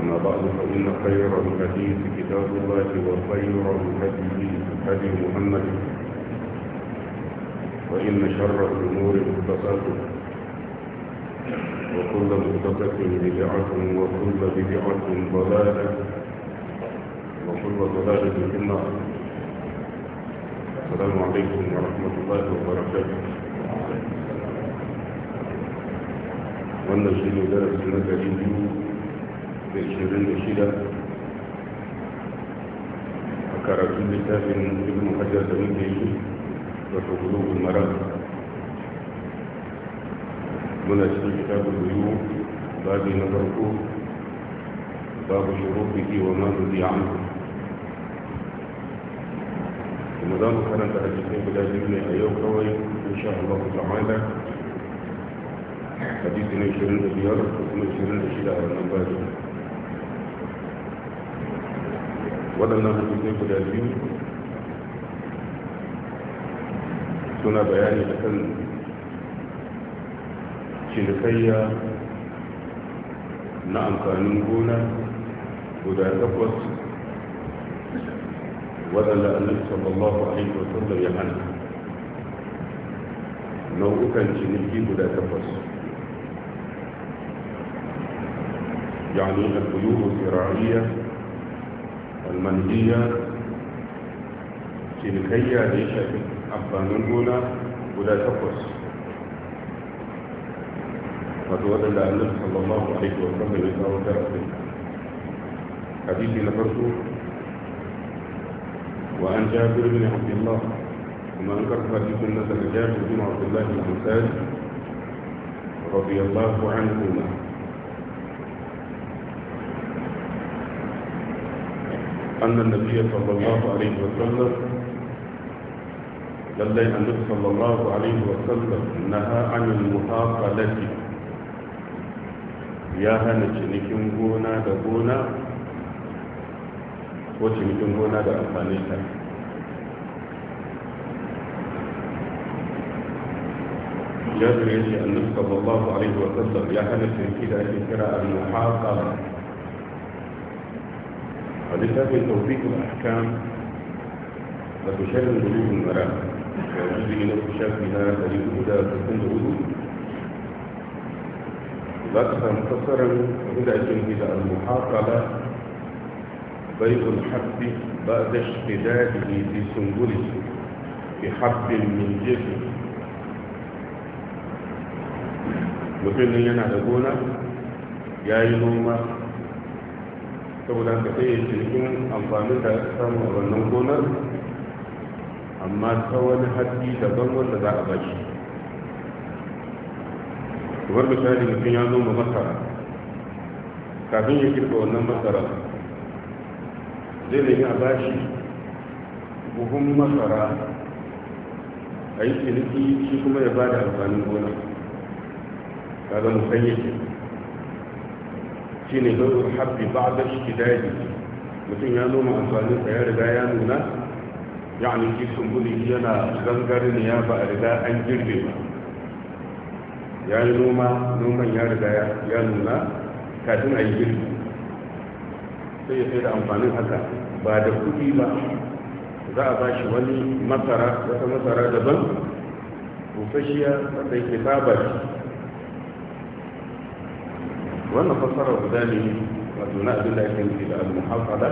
أما بعد فإن خير الحديث كتاب الله وخير الهدي هدي محمد وإن شر الأمور مختصات وكل مختصة بدعة وكل بدعة ضلالة وكل ضلالة في النار السلام عليكم ورحمة الله وبركاته والنجم درس نتائجه da ishirin da shida a karatun littafin ibn hajjar da muke yi wato gulubun marar muna cikin kitabun biyu babi na farko babu shuruɗi wa ma zuzi amsa kuma za mu karanta a cikin guda biyu ne a yau kawai in sha Allah ta'ala hadisi na 25 da kuma 26 a wannan bayan ودلنا في 32 سنة بيان لكن شلقية نعم قانون هنا ودى تقوص ودل النبي صلى الله عليه وسلم يعني نو كان شنيكي ودى تقوص يعني البيوت الزراعيه المنهية تلكية ليش أبانون هنا ولا تقص فتوضع لأنه صلى الله عليه وسلم يقول ترقب حديثي نفرته وأن جابر بن عبد الله وما أنكر حديث سنة جابر بن عبد الله بن الأنساج رضي الله عنهما أن النبي صلى الله عليه وسلم لدي النبي صلى الله عليه وسلم نهى عن المحاقلة يا هنا شنكين غونا دغونا وشنكين غونا دأمانيتا جابر يجي النبي صلى الله عليه وسلم يا هنا شنكين كده المحاقلة فلسافة توفيق الأحكام وتشرد قلوب المرأة وجزء نصف شافها تجد هدى تكون هدوء ذاتها مختصرا هدى الجنه المحاصرة بيض الحب بعد اشتداده في سنبله بحب من جهه mutum yana da gona ya yi noma saboda ka ɗaya cikin amfani da samu a wannan gonar amma ta wani haɗi daban wanda za a bashi kamar misali mutum ya noma masara kafin ya girka wannan masara zai nemi a bashi buhun masara a yi ciniki shi kuma ya ba da amfanin gona kaga musanye kenan shi ne lauyin harfi ba da shi daji mutum ya noma amfanin sa ya riga ya nuna ya ne shi sumbuli yana gangarin ya ba a riga an girbe ba ya yi noma noman ya riga ya nuna kafin a yi girbi sai ya sai da amfanin haka ba da kuɗi ba za a ba shi wani masara wata masara daban busasshiya wanda yake saba shi wannan fassara guda ne wato na abin da ake nufi da al-muhafada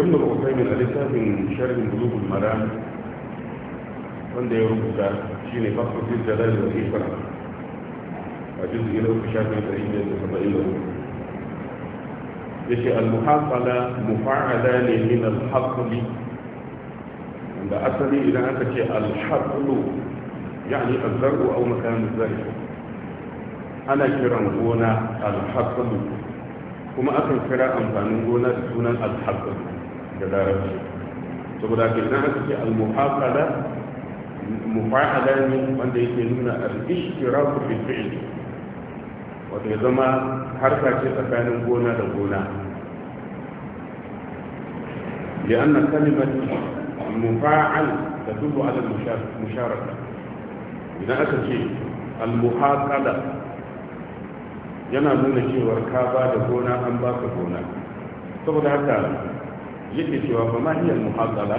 ibn al-usaymin al-littafin sharhin bulugul maram wanda ya rubuta shine fasu fil jalal da ikram a juz'i na uku shafin ɗari biyar da saba'in da uku ce al-muhafada mufa'ala ne min al-haqli wanda asali idan aka ce al-haqlu yani al-zar'u aw makan al-zar'u ana kiran gona alhaqqu kuma akan kira amfanin gona da sunan alhaqqu da larabci saboda ke nan aka ce almuhaqada mufa'ala ne wanda yake nuna al-ishtiraku fil fi'l wato ya zama harka ce tsakanin gona da gona لأن كلمة المفاعل تدل على المشاركة إذا أتت المحاكلة yana nuna cewar ka ba da gona an ba ka gona saboda haka yake cewa ba ma iya muhasala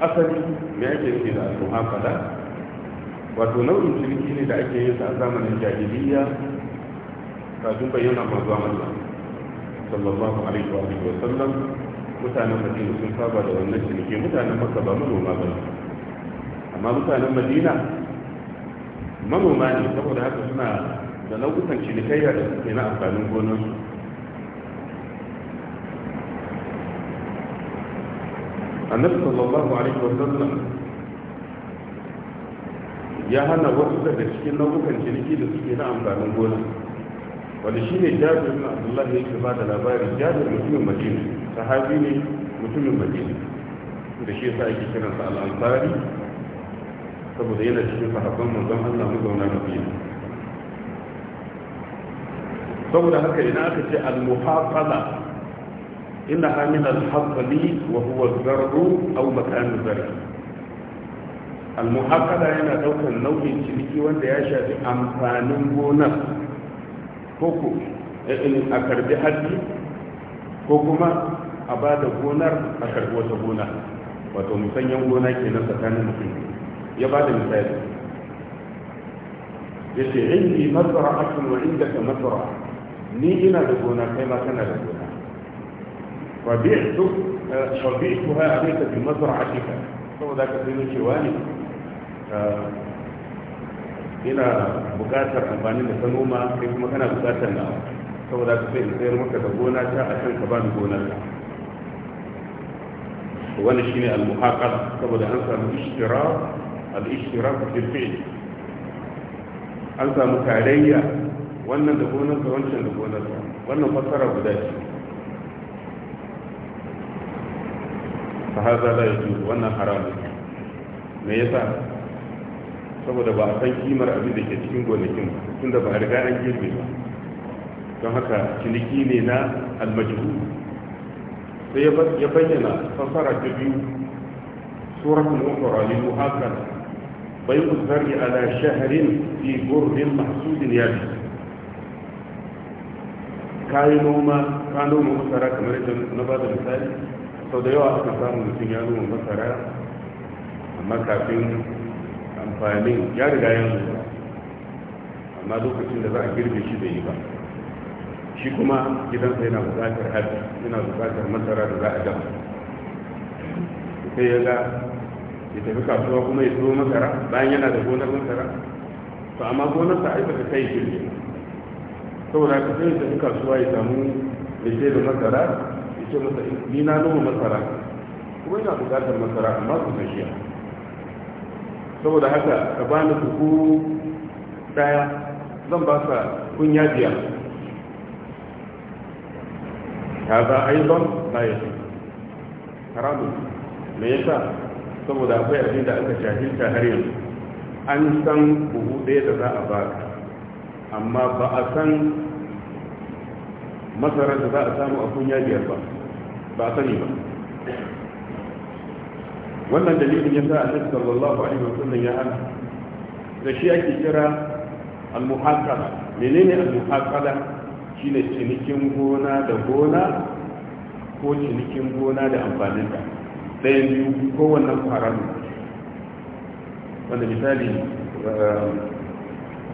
asali me ake ce da muhasala wato nau'in ciniki ne da ake yi sa a zamanin jahiliya kafin bayyana manzo Allah sallallahu alaihi wa sallam mutanen Madina sun saba da wannan ciniki mutanen maka ba manoma ba amma mutanen Madina manoma ne saboda haka suna da nau'ukan cinikayya da suke na amfanin gonarsu annabi sallallahu alaihi wa sallam ya hana wasu daga cikin nau'ukan ciniki da suke na amfanin gona wani shi ne jabir na abdullahi ke ba da labari jabir mutumin madina sahabi ne mutumin madina da shi yasa ake kiransa al'ansari saboda yana cikin sahabban manzon Allah mazauna madina saboda haka ina aka ce al-muhafaza inna hamina al-hasali wa huwa zarru aw makan zarri al-muhafaza yana daukan nau'in ciniki wanda ya shafi amfanin gonar ko ko eh, in a karbi haji ko kuma a ba da gonar a karbi wata gona wato musanyen gona ke na tsakanin mutum ya ba da misali yace indi masra'atun wa indaka masra'a ni ina da gona kai ma kana da gona wa bi'tu shabi'tuha alayka bi mazra'atika saboda ka sai ce wani ina bukatar amfani da sanoma kai kuma kana bukatar na saboda ka sai sayar maka da gona ta a kan ka bani gonar ka wani shine al muhaqqaq saboda an samu ishtira al-ishtirak fil fi'l an samu tarayya wannan da gonarsa wancan da gonarsa wannan fassara guda ce fa haza la yajuz wannan haram me yasa saboda ba a san kimar abin da ke cikin gonakin tunda ba a riga an girbe ba don haka ciniki ne na almajhu sai ya bayyana fassara ta biyu suratul ukhra lil muhakkam بيع الزرع على شهر في بر محسود يابس ka yi noma ka noma masara kamar yadda na ba da misali sau da yawa aka samu mutum ya noma masara amma kafin amfanin ya riga ya zuwa amma lokacin da za a girbe shi bai yi ba shi kuma gidansa yana bukatar haɗi yana bukatar masara da za a gama sai ya ga ya tafi kasuwa kuma ya zo masara bayan yana da gonar masara to amma gonarsa ai ta kai girbe saboda ka sai tafi kasuwa ya samu da da masara ya ce masa ni na nuna masara kuma ina bukatar masara amma ku shiya saboda haka ka ba ni buhu daya zan ba ka kunya biya. a yi ba, أيضا ya يجوز haramun me yasa saboda akwai abin da aka jahilta har yanzu an san buhu ɗaya da za a ka, amma ba a san masarar da za a samu a kunya biyar ba ba a sani ba wannan dalilin ya sa annabi sallallahu alaihi wasallam ya hana da shi ake kira al-muhaqqala menene al-muhaqqala shine cinikin gona da gona ko cinikin gona da amfanin ta ɗayan biyu ko wannan haram wanda misali eh,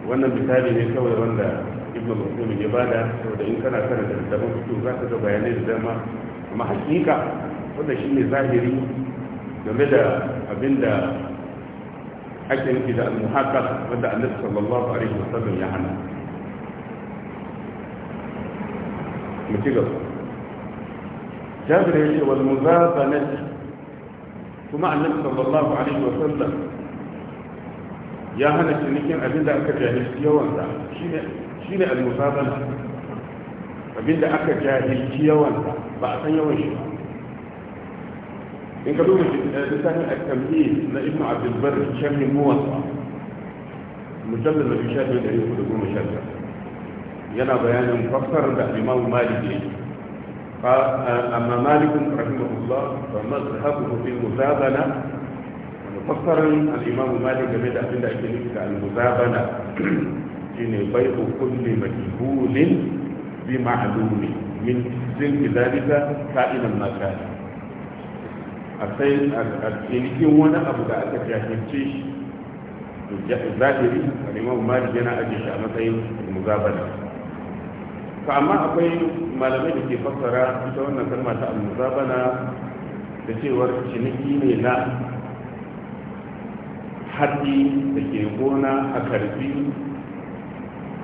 wannan misali ne kawai wanda ibnu al-qayyim ya bada saboda in kana karanta littafin fiqh za ka ga bayanai da dama amma hakika wanda shine zahiri game da abinda ake nufi da al wanda annabi sallallahu alaihi wasallam ya hana mu ci gaba jabir ya ce wal muzabanati kuma annabi sallallahu alaihi wasallam ya hana cinikin abinda aka jahilci yawan da shi ne shi ne al-musabala abinda aka jahilci yawan ba a san yawan shi ba in ka duba littafin al-tamhid na ibnu abdul bar sharhi muwatta mujallal da shafi da yau da goma shafi yana bayanin fassar da imam malik ne amma malik rahimahullah fa mazhabuhu fil musabala fassarar al-imam malik game da abinda ake nufi da al-musabala shine bai'u kulli majhulin bi ma'lumi min zilki dalika ka'inan ma kana a sai a cinikin wani abu da aka jahilce shi zahiri a neman malik yana ajiye shi a matsayin muzabara fa amma akwai malamai da ke fassara ita wannan kalma ta al-muzabana da cewar ciniki ne na haddi da ke gona a karfi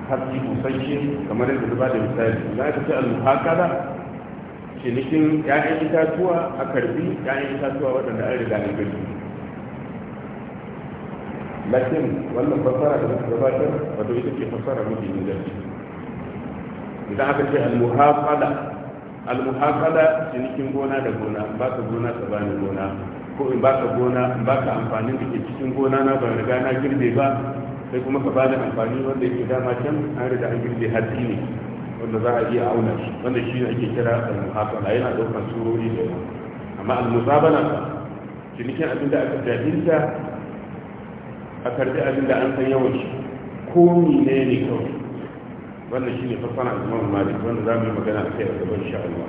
haƙƙi busasshe kamar yadda ba da misali na ta ce al-muhakala cinikin ya'yan itatuwa a karbi ya'yan itatuwa waɗanda an riga ne gari lakin wannan fassara da muka gabatar wato ita ce fassara mafi inganci idan aka ce al-muhakala al-muhakala cinikin gona da gona ba ka gona tsabanin gona ko in ba ka gona in ba ka amfanin da ke cikin gona na ban riga na girbe ba sai kuma ka bada amfani wanda yake dama can an riga an girbe hatsi ne wanda za a iya auna shi wanda shi ne ake kira al-muhasala yana daukar surori da yawa amma al-musabala cinikin abin da aka jahilta a karbi abin da an san yawan shi ko ne ne kawai wannan shi ne fassara al-imam malik wanda za mu yi magana a kai a gaban insha Allah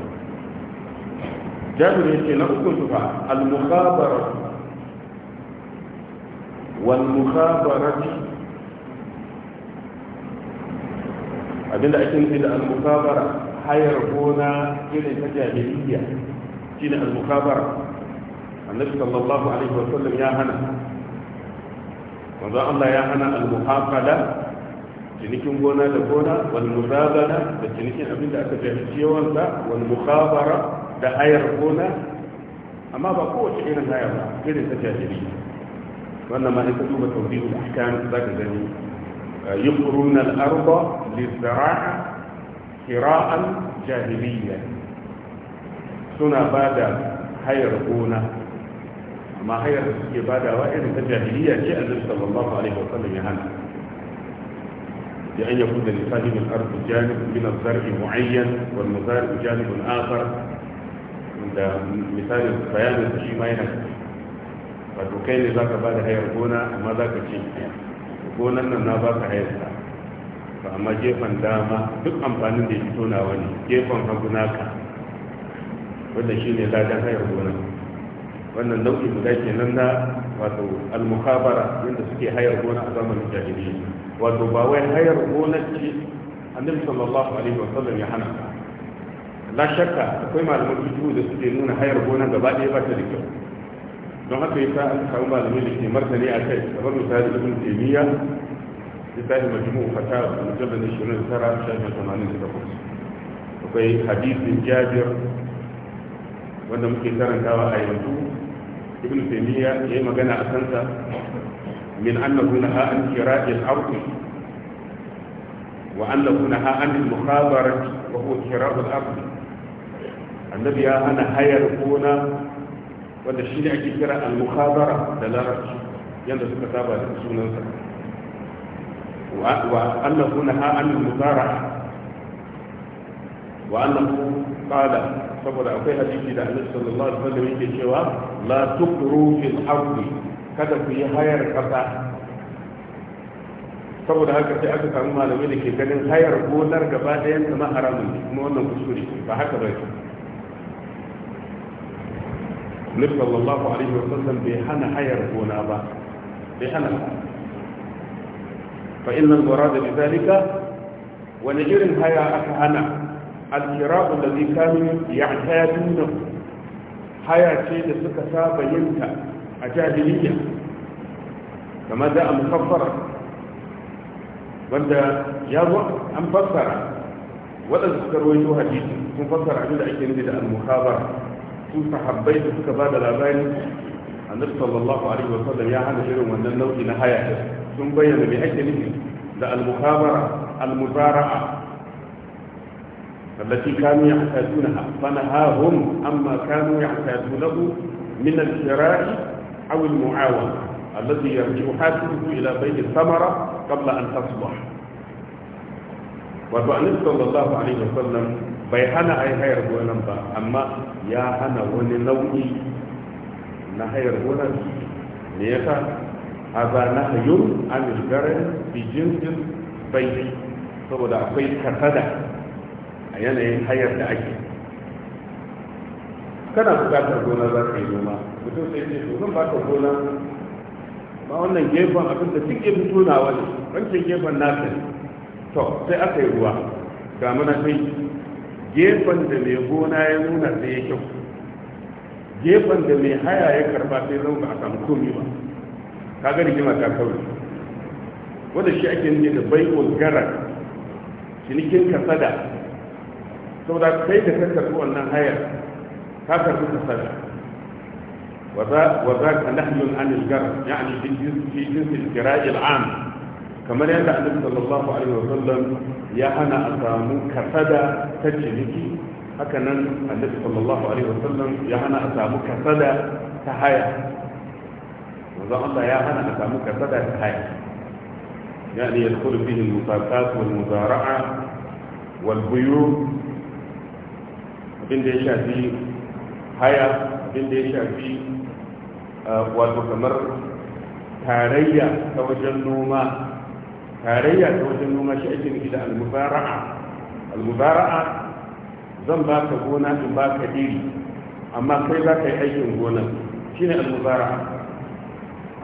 jabir yake na uku tufa al-mukhabara wal mukhabara abinda ake nufi da al-mukabara hayar gona irin ta jahiliya shine al-mukabara annabi sallallahu alaihi wa sallam ya hana manzo Allah ya hana al-muhaqala cinikin gona da gona wal muzabana da cinikin abinda aka jahilci yawansa wal mukabara da hayar gona amma ba kowace irin hayar ba irin ta jahiliya wannan ma ita duba tawdihul ahkam zaka gani يقرون الأرض للزراعة كراء جاهليا سنة بعد هير بونا ما هير بعد وإن الجاهلية جاء النبي صلى الله عليه وسلم يهنا لأن يكون لصاحب الأرض جانب من الزرع معين والمزارع جانب آخر عند مثال bayanin shi ma yana ذاك بعد ne za ka ba da hayar gonan nan na baka hayarsa ba amma gefen dama duk amfanin da ya fito na wani gefen hagu naka wanda shi ne ladan hayar gonan wannan nau'i guda nan na wato almuhabara yadda suke hayar gona a zamanin jahiliya wato ba wai hayar gonar ce annabi sallallahu alaihi wasallam ya hana ka la shakka akwai malaman fitu da suke nuna hayar gona gaba ɗaya ba ta da kyau don haka yasa aka samu malamai da ke martani a kai kamar misali ibn taymiya misali shirin fatawa mujallad tamanin da 88 akwai hadisin jabir wanda muke karantawa a yanzu ibn taymiya yi magana a kansa min annahu naha an kira'i al-ardh wa annahu na an al-mukhabarati wa huwa kira'u al-ardh annabi ya hana hayar gona wanda shi ne ake kira al-mukhazara da larabci yadda suka saba da sunansa wa annahu naha an al-muzara wa annahu qala saboda akwai hadisi da Annabi sallallahu alaihi wasallam yake cewa la tuqru fil ardi kada ku yi hayar kasa saboda haka sai aka samu malamai da ke ganin hayar gonar gaba ɗayan ta ma haramun kuma wannan kuskure ba haka ba ne. nabi sallallahu alaihi wa sallam bai hana hayar gona ba bai hana fa innal murada bi zalika wani irin haya aka hana al-kira'u alladhi kanu ya'taduna haya ce da suka saba yinta a jahiliyya kama da al-mukaffara wanda ya zo an fassara waɗanda suka rawaito hadisi sun fassara abin da ake nufi da al-mukhabara su sahabbai da suka ba da labari annabi sallallahu alaihi wasallam ya hana irin wannan nau'i na haya sun bayyana me ake nufi da al-mukabara al-muzara'a التي كانوا يعتادونها فنهاهم عما كانوا يعتادونه من الشراء أو المعاونة الذي يرجع حاسبه إلى بين الثمرة قبل أن تصبح وفعلت صلى الله عليه وسلم bai hana a hayar gonan ba amma ya hana wani nau'i na hayar gonan me a haza na hayun an garin bi jinsin bai saboda akwai kasada a yanayin hayar da ake kana bukatar gona za ka yi noma mutum sai ce to zan baka gona ba wannan gefen abin da cikin tunawa ne wancan gefen nasa to sai aka yi ruwa ga mana kai gefen da mai gona ya nuna da ya kyau gefen da mai haya ya karba sai zan ba a samu komi ba ka ga kima ta kawai wanda shi ake nuna da bai'ul garar cinikin kasada Sau da kai da ka wannan hayar ka karbi kasada wa za ka الجر يعني في ya'ani في jinsin الكراء العام kamar yadda annabi sallallahu alaihi wa sallam ya hana a samu kasada ta ciniki haka nan annabi sallallahu alaihi wa sallam ya hana a samu kasada ta haya manzon Allah ya hana a samu kasada ta haya yani ya fihi al-musaqat wal muzara'a wal buyu da ya shafi haya abin da ya shafi uh, wato kamar tarayya ta wajen noma tarayya ta wajen noma shi ake nufi da almubara'a almubara'a zan ba ka gona in ba ka iri amma kai za ka yi aikin gonar ne almubara'a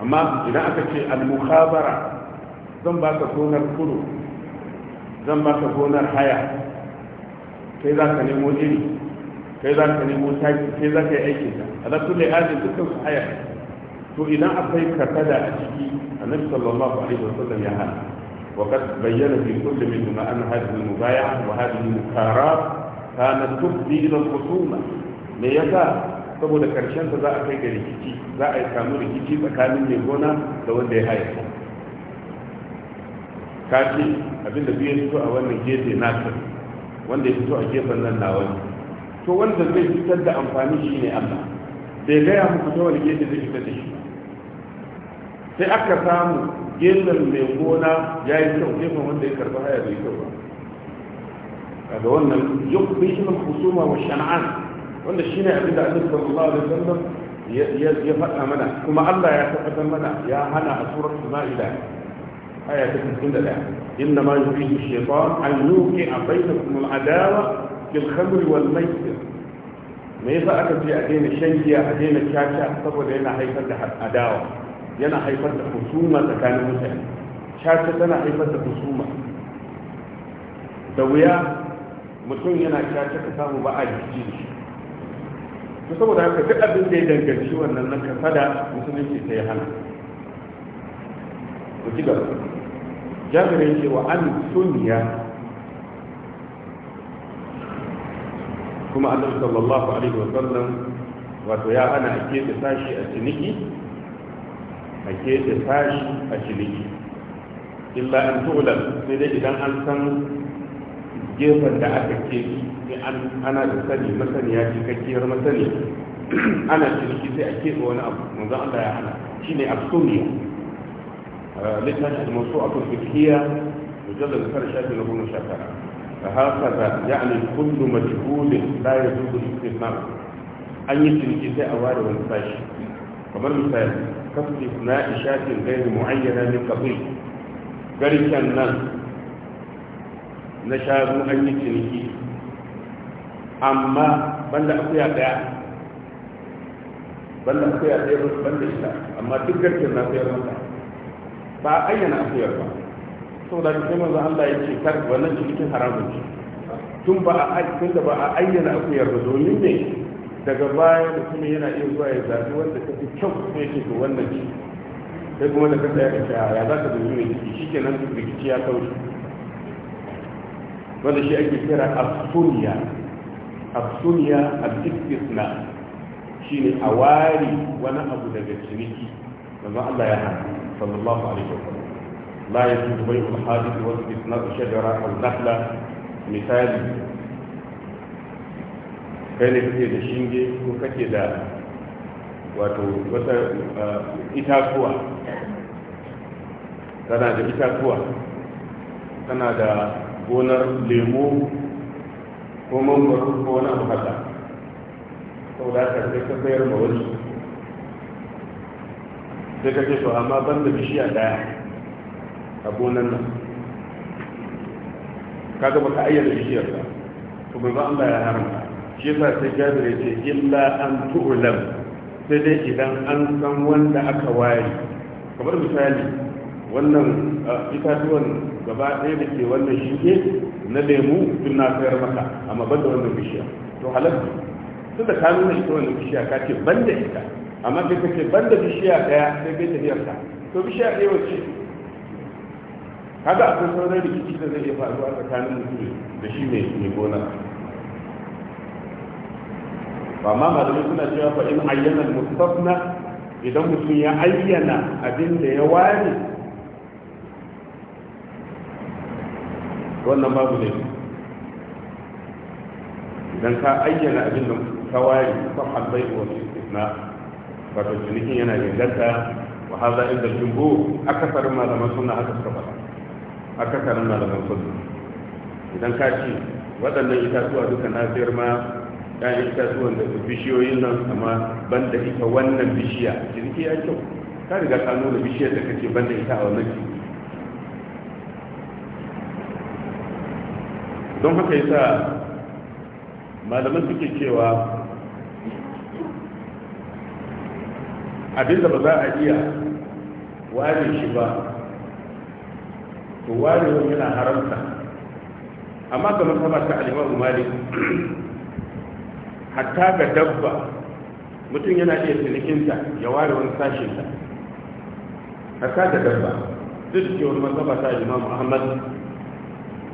amma idan aka ce almukhabara zan ba ka gonar kudu zan ba ka gonar haya kai za ka nemo iri kai za ka nemo taki kai za ka yi aikin ta ala kulli halin dukkan su haya to idan akwai kasada a ciki annabi sallallahu alaihi wasallam ya hana وقد بين في كل منهما أن هذه المبايعة وهذه المكارات كانت تفضي إلى الخصومة ليذا saboda karshen za a kai ga rikici za a yi samu rikici tsakanin mai gona da wanda ya haifa ka ce abinda biyu ya fito a wannan gefe naka wanda ya fito a gefen nan na wani to wanda zai fitar da amfani shi ne allah bai gaya muku ta wani gefe zai fitar da shi sai aka samu gefen mai gona ya yi kyau gefen wanda ya karba haya bai kyau ba kaga wannan yau bishimin husuma wa shan'an wanda ne abinda da annabi sallallahu alaihi wasallam ya faɗa mana kuma Allah ya tabbatar mana ya hana a suratul ma'ida Haya ta 61 inna ma yuridu shaytan an yuqi'a bainakum al-adawa fil khamr wal maisir me yasa aka ce a daina shan giya a daina caca saboda yana haifar da adawa yana haifar da kusuma tsakanin mutane caca tana haifar da kusuma. da wuya mutum yana caca ka samu ba a jiki da shi to saboda haka duk abin da ya danganci wannan na kasada musulunci ta yi hana ku ci gaba jami'in cewa an suniya kuma annabi sallallahu alaihi wa sallam wato ya ana ke da sashi a ciniki a keta tashi a ciniki illa an tular sai dai idan an san gefen da aka keki sai ana da sani masaniya cikakkiyar masaniya ana ciniki sai a keta wani abu manzon Allah ya hana ne absuriya uh, littafin masu a turkiya mujallar da kare shafi na goma sha tara فهكذا يعني كل مجهول لا يجوز الاستثناء sai a ware wani والفاشل kamar misali kasu na ishatin gairi mu'ayyana ne kafin garken nan na shanu an yi ciniki amma banda akuya daya banda akuya daya banda ita amma duk garken na sayar mata ba a ayyana akuyar ba saboda ka sai manzo Allah ya ce kar wannan cikin haramun ce tun ba a tun ba a ayyana akuyar ba domin ne daga baya mutumin yana iya zuwa ya zaɓi wanda ta fi kyau kuma ya ce wannan ce sai kuma da kanta ya kashe ya za ka zuwa mai ciki shi kenan rikici ya kauri wanda shi ake kira absuniya absuniya al-istisna shine a wari wani abu daga ciniki manzon Allah ya hana sallallahu alaihi wa sallam la yajuzu bai'ul hadith wa istisna shajara al-nakhla misali kai ne kake da shinge ko kake da wato wata itatuwa kana da itatuwa kana da gonar lemo ko mangoro ko wani abu haka sau da aka sai ka sayar ma wani sai ka ce to amma ban da bishiya daya a gonar nan kaga baka ayyana bishiyar ba to bai ba Allah ya haramta shi yasa sai jabir ce illa an tu'lam sai dai idan an san wanda aka waye kamar misali wannan itatuwan gaba ɗaya da ke wannan shuke na lemu tun na sayar maka amma ban da wannan bishiya to halatta tun da ka nuna ita wannan bishiya ka ce ban da ita amma kai ka ce ban da bishiya ɗaya sai kai tafiyar ka to bishiya ɗaya wacce kaga akwai sauran rikici da zai iya faruwa tsakanin mutum da shi mai gona ba ma malamai suna cewa fa in ayyana mustafna idan mutum ya ayyana abin da ya ware wannan babu ne idan ka ayyana abin da ka ware fa halbai wa istisna wato cinikin yana inganta wa haza inda jumbo akasarin malaman suna haka suka faɗa akasarin malaman suna idan ka ce waɗannan itatuwa duka na sayar kayan itatuwan da bishiyoyin nan amma banda ita wannan bishiya ciniki ya kyau ka riga ka nuna bishiyar da ban banda ita a wannan ciki don haka yasa malaman suke cewa abinda ba za a iya ware shi ba to ware wani yana haramta amma kamar ta ba ta alimar malik hatta ga dabba mutum yana iya cinikinta ya ware wani sashinta hatta ga dabba duk da wani mazaba ta imam ahmad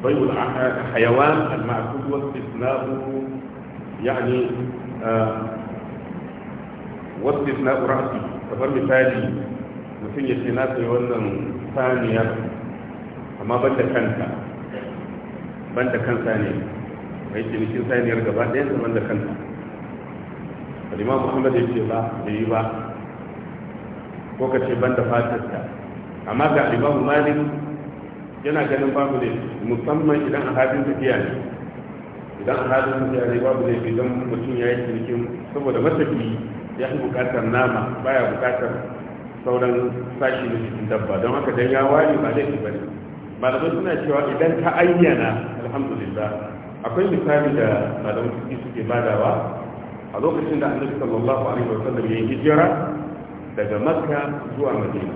bai a hayawan al-ma'qul wa istisna'u wasu ah, wa istisna'u ra'si bar misali mutum ya ce na sai wannan saniyar amma ban da kanta ban da kansa ne mai cinikin saniyar gaba ɗaya ban da kanta al'imam muhammad ya ce ba da yi ba ko ka ce ban da fatarka amma ga al'imam malik yana ganin babu ne musamman idan a hadin tafiya ne idan a hadin tafiya ne babu ne idan mutum ya yi cinikin saboda matafi ya fi bukatar nama baya bukatar sauran sashi na cikin dabba don haka dan ya wani ba laifi ba ne malamai suna cewa idan ka ayyana alhamdulillah akwai misali da malamai suke badawa a lokacin da annabi sallallahu alaihi wasallam ya hijira daga makka zuwa madina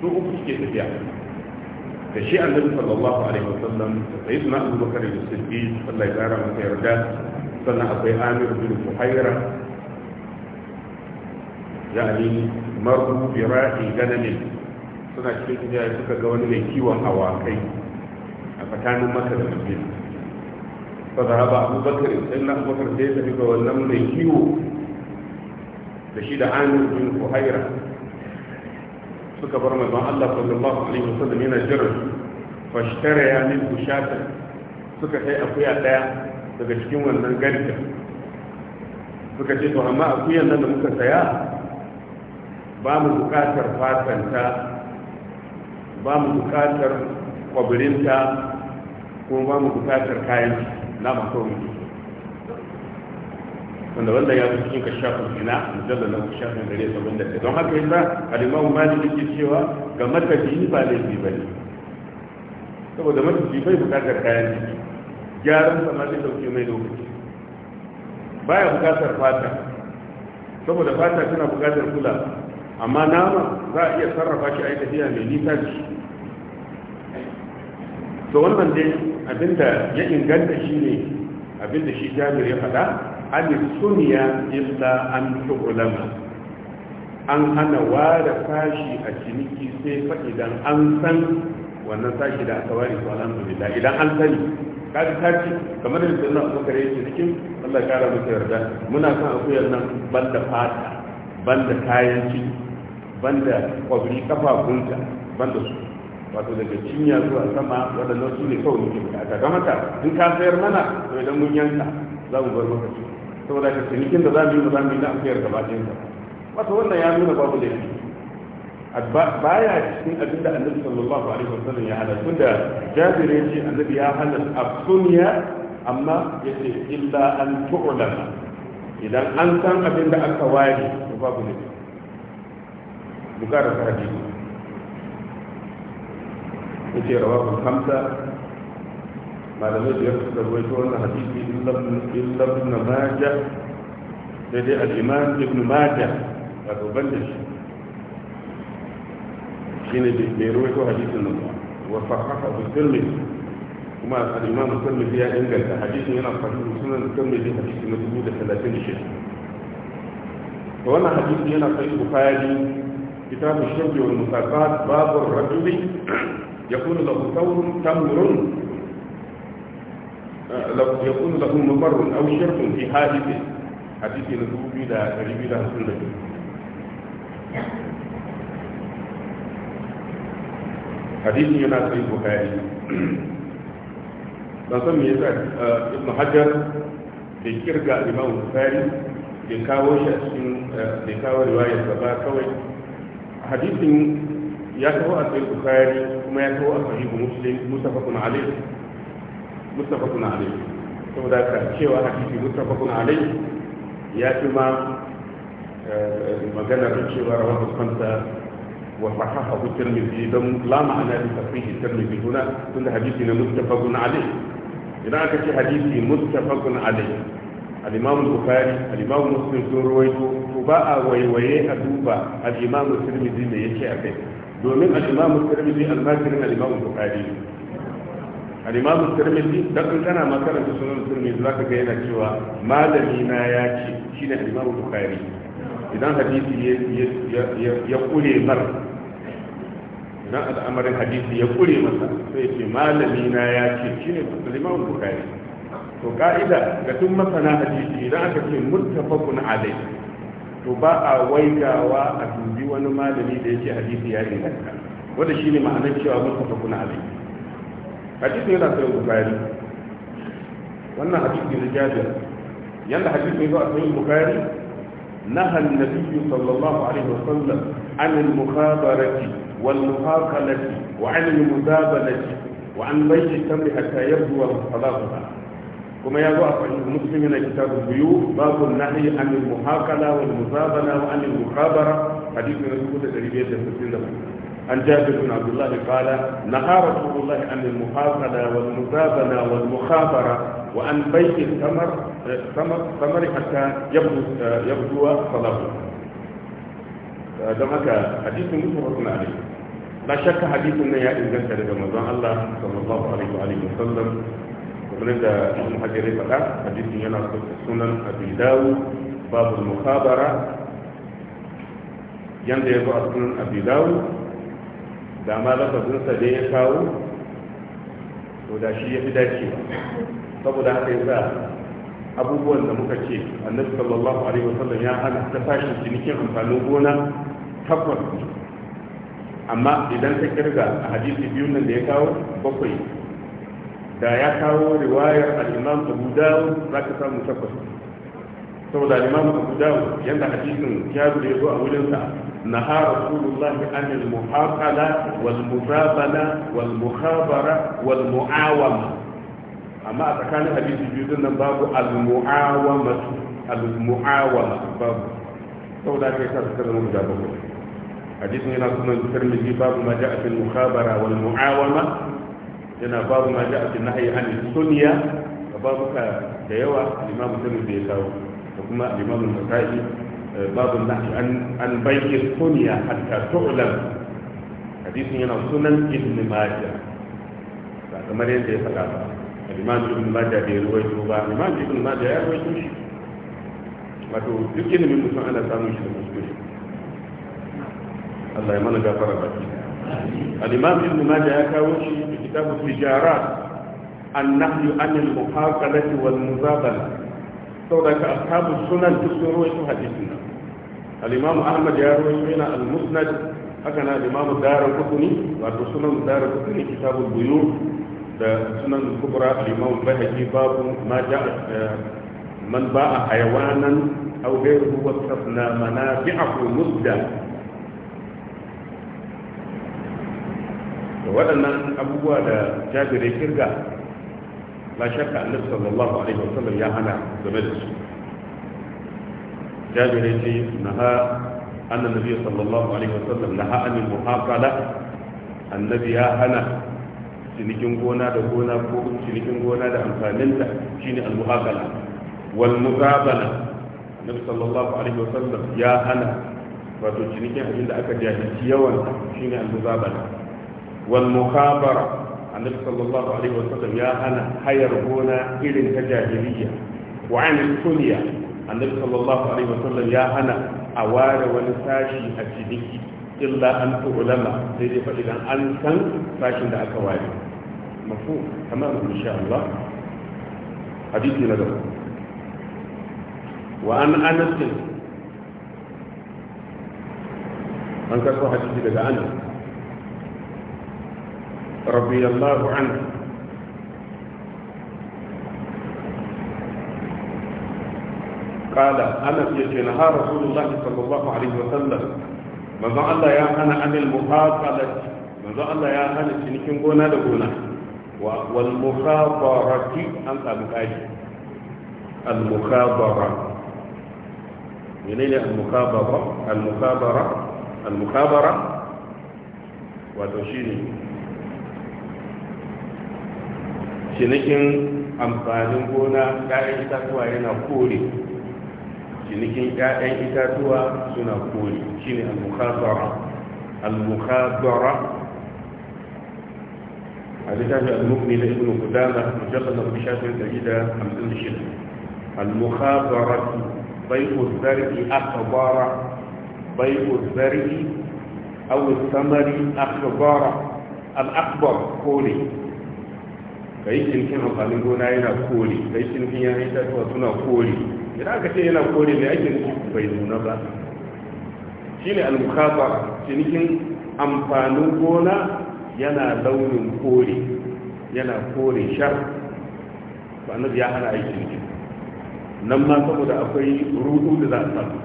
su uku suke tafiya da shi annabi sallallahu alaihi wasallam da sai suna abu bakar da siddi Allah ya kara masa yarda sannan akwai amir bin ya ali marhu bi ra'i ganamin suna cikin tafiya suka ga wani mai kiwon awakai a fatanin makka da madina fa zahaba Abu Bakr inna Abu Bakr sai tafi ga wannan mai kiwo da shi da Amir bin Fuhaira suka bar manzon Allah sallallahu alaihi wasallam yana jiran fa shtara ya min bushatan suka kai akuya daya daga cikin wannan garka suka ce to amma muka saya ba mu fatanta ba mu kuma ba mu bukatar kayan nama kawai mutu wanda wanda ya zo cikin kashafin zina mujallar na kashafin gare sabon da don haka yasa alimamu malik yake cewa ga matafiyi ba laifi ba ne saboda matafiyi bai bukatar kayan ciki gyaran ma zai dauke mai lokaci baya bukatar fata saboda fata tana bukatar kula amma nama za a iya sarrafa shi a yi tafiya mai nisa da shi to wannan dai abinda ya inganta ne, abinda shi jami'ai ya fada an suniya illa an tu'lama an hana ware fashi a ciniki sai fa idan an san wannan sashi da aka ware to alhamdulillah idan an sani kaji taci kamar da sunna abubakar shi cikin Allah ya kara masa yarda muna kan akuyar nan banda fata banda kayan ciki banda kwabri kafafunta banda su wato daga cinya zuwa sama waɗannan su ne kawai muke bukata ta gamata in ka sayar mana to idan mun yanka za mu bar maka saboda ka cinikin da za mu yi ba za mu yi na amfiyar gaba ɗin ka wato wannan ya nuna babu laifi baya cikin abin da annabi sallallahu alaihi wasallam ya hana tunda jabir ya ce annabi ya hana absunya amma ya ce illa an tu'lama idan an san abin da aka ware to babu laifi bukara ta hadisi في رواب الخمسة ما لم يجد ويتون حديث إلا ابن إلا ابن ماجة لدي الإمام ابن ماجة أبو بندش حين بيرويتو حديث النبوة وصححه بالترمذي وما الإمام الترمذي هي يعني إنجل حديث هنا صحيح سنن الترمذي حديث مدبوط 30 شيخ وانا حديث هنا صحيح البخاري كتاب الشرب والمساقات باب الرجل يكون له ثور تمر آه، يكون له ممر او شرك في حادث حديث نقول الى قريب الى سنه حديث يناسب البخاري نظم يسال آه، ابن حجر في ذكر الامام البخاري لكاوش اسم آه، لكاو روايه فبا كوي حديث يتوى في البخاري وما يتوى في مسلم متفق عليه متفق عليه سوى ذلك شيء وحكيه متفق عليه يتوى مجانا رجي ورواه الخمسة وصححه الترمذي دم لا معنى لتفريح الترمذي هنا كل حديثنا متفق عليه هناك في حديث متفق عليه الإمام البخاري الإمام مسلم رويته فباء ويويه أدوبة الإمام الترمذي ليشي أبيه domin al-imam tirmidhi al-makirin al-imam bukhari al-imam tirmidhi da kun kana makaranta sunan za ka ga yana cewa malami na ya ce shi ne imam bukhari idan hadisi ya kure mar idan al'amarin hadisi ya kure masa sai ce malami na ya ce shi ne imam bukhari to ka'ida ga tun masana hadisi idan aka ce muttafaqun adai. to ba a waigawa a dubi wani malami da yake hadisi ya inganta wanda shine ma'anar cewa mun tafi kuna alai hadisi yana sayin bukari wannan hadisi na jabir yanda hadisi ya zo a sayin bukari نهى النبي صلى الله عليه وسلم عن المخابرة wa an المزابلة وعن بيع التمر حتى يبدو صلاحها كما يقول عن المسلمين كتاب البيوت باب النهي عن المحاكلة والمسابنة وعن المخابرة حديث من السكوت الأدبية تفسير عن جابر بن عبد الله قال نهى رسول الله عن المحاكلة والمسابنة والمخابرة وعن بيع الثمر ثمر حتى يبدو يبدو صلاته دم هكا حديث متفق عليه لا شك حديث يا إن كان رمضان الله صلى الله عليه وآله وسلم kamar da ibn hajjari ya faɗa hadisin yana sunan abu dawo babu mukhabara yanda ya zo a sunan abu dawo da ma lafazinsa da ya kawo to da shi ya fi dacewa saboda haka sa abubuwan da muka ce annabi sallallahu alaihi wasallam ya hana ta fashin cinikin amfanin gona takwas amma idan ka kirga a hadisi biyun nan da ya kawo bakwai da ya kawo riwayar al'imam abu dawud za ka samu tabbas saboda al'imam abu dawud yadda hadisin ya zuwa zo a wurinsa na ha rasulullahi anil muhaqala wal muzabala wal muhabara wal muawama amma a tsakanin hadisi biyu din nan babu al muawama al muawama babu saboda kai ka tsara mu da babu hadisin yana sunan tirmidhi babu ma ja'a muhabara wal yana babu ma ja'a fi nahyi an dunya da babuka da yawa al-imam Tirmidhi ya kawo da kuma al-imam eh, babu nahyi an an bai'il dunya hatta tu'lam hadisin yana sunan Ibn Majah ba kamar yadda ya faɗa ba al Ibn Majah bai ruwaito ba al Ibn Majah ya ruwaito shi wato duk ilimin mutum ana samun shi da kuskure Allah ya mana gafara baki al-imam ibn majah ya kawo shi a kitabu Tijara tijarat annahyu anil muhaqalati wal muzabala saboda ka ashabu sunan duk sun ruwaito hadisin nan Alimamu ahmad ya ruwaito yana al-musnad haka na alimamu imam darqutni wato sunan darqutni kitabu buyur da sunan kubra al-imam bahaqi babu ma ja'a من باع حيوانا أو غيره واستثنى منافعه مدة waɗannan abubuwa da jajirai kirga la shakka annabi sallallahu alaihi wasallam ya hana game da su Jajirai ce naha annan nabi sallallahu alaihi wasallam ha anil muhaqala annabi ya hana cinikin gona da gona ko cinikin gona da amfaninta shine al-muhaqala wal muzabana annabi sallallahu alaihi wasallam ya hana wato cinikin abin da aka jahilci yawan shine al-muzabana والمخابرة النبي صلى الله عليه وسلم يا أنا حير إلى الجاهلية وعن الدنيا النبي صلى الله عليه وسلم يا أنا أوار ونساشي أجدك إلا أن تعلم سيدي فإذا أنسان فاشن دعك واري مفهوم تماما إن شاء الله حديثي لكم وأن أنس أنكسر حديثي لك أنس رضي الله عنه قال أنا في نهى رسول الله صلى الله عليه وسلم من ذا الله يا أنا عن المقاتلة من ذا الله يا أنا تنكين قونا لقونا والمخابرة أنت أبقاي المخابرة منين المخابرة المخابرة المخابرة وتشيني cinikin amfanin gona 'ya'yan itatuwa yana kore cinikin 'ya'yan itatuwa suna kore shine al-mukhadara al-mukhadara al-littafi al-mughni da ibn qudama mujallad abu shafin jarida 56 al-mukhadara bai'u zar'i akbara bai'u zar'i aw al-thamari akbara al-akbar kore Kai yi cinikin amfanin gona yana kore kai yi cinikin ya yi tatuwa suna kore idan aka ce yana kore mai ake nufi bai nuna ba shi ne almukafa cinikin amfanin gona yana launin kore yana kore shar ba na ya hana aiki cinikin nan ma saboda akwai rudu da za a samu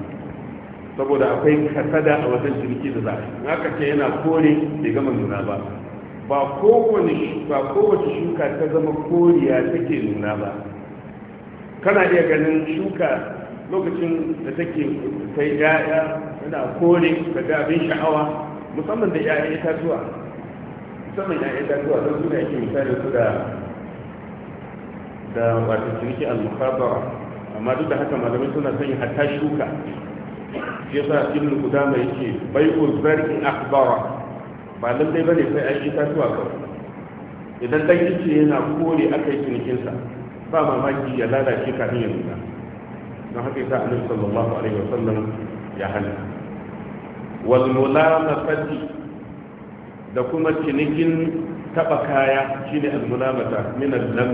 saboda akwai kasada a wajen ciniki da za a yi aka ce yana kore bai gama nuna ba ba kowane ba kowace shuka ta zama koriya take nuna ba kana iya ganin shuka lokacin da take yi ya'ya tana kore da abin sha'awa musamman da ya'ya itatuwa musamman ya'ya itatuwa don suna yake misali su da da wata ciniki al-mukhabara amma duk da haka malamai suna son yi hatta shuka shi yasa ibnu kudama yake bai'u zargin akbara ba lallai bane sai an itatuwa kawai idan dan ice yana kore aka yi cinikinsa ba mamaki ya lalace kafin ya nuna don haka yasa annabi sallallahu alaihi wasallam ya hana wal fati da kuma cinikin taba kaya shine al mulamata min al lam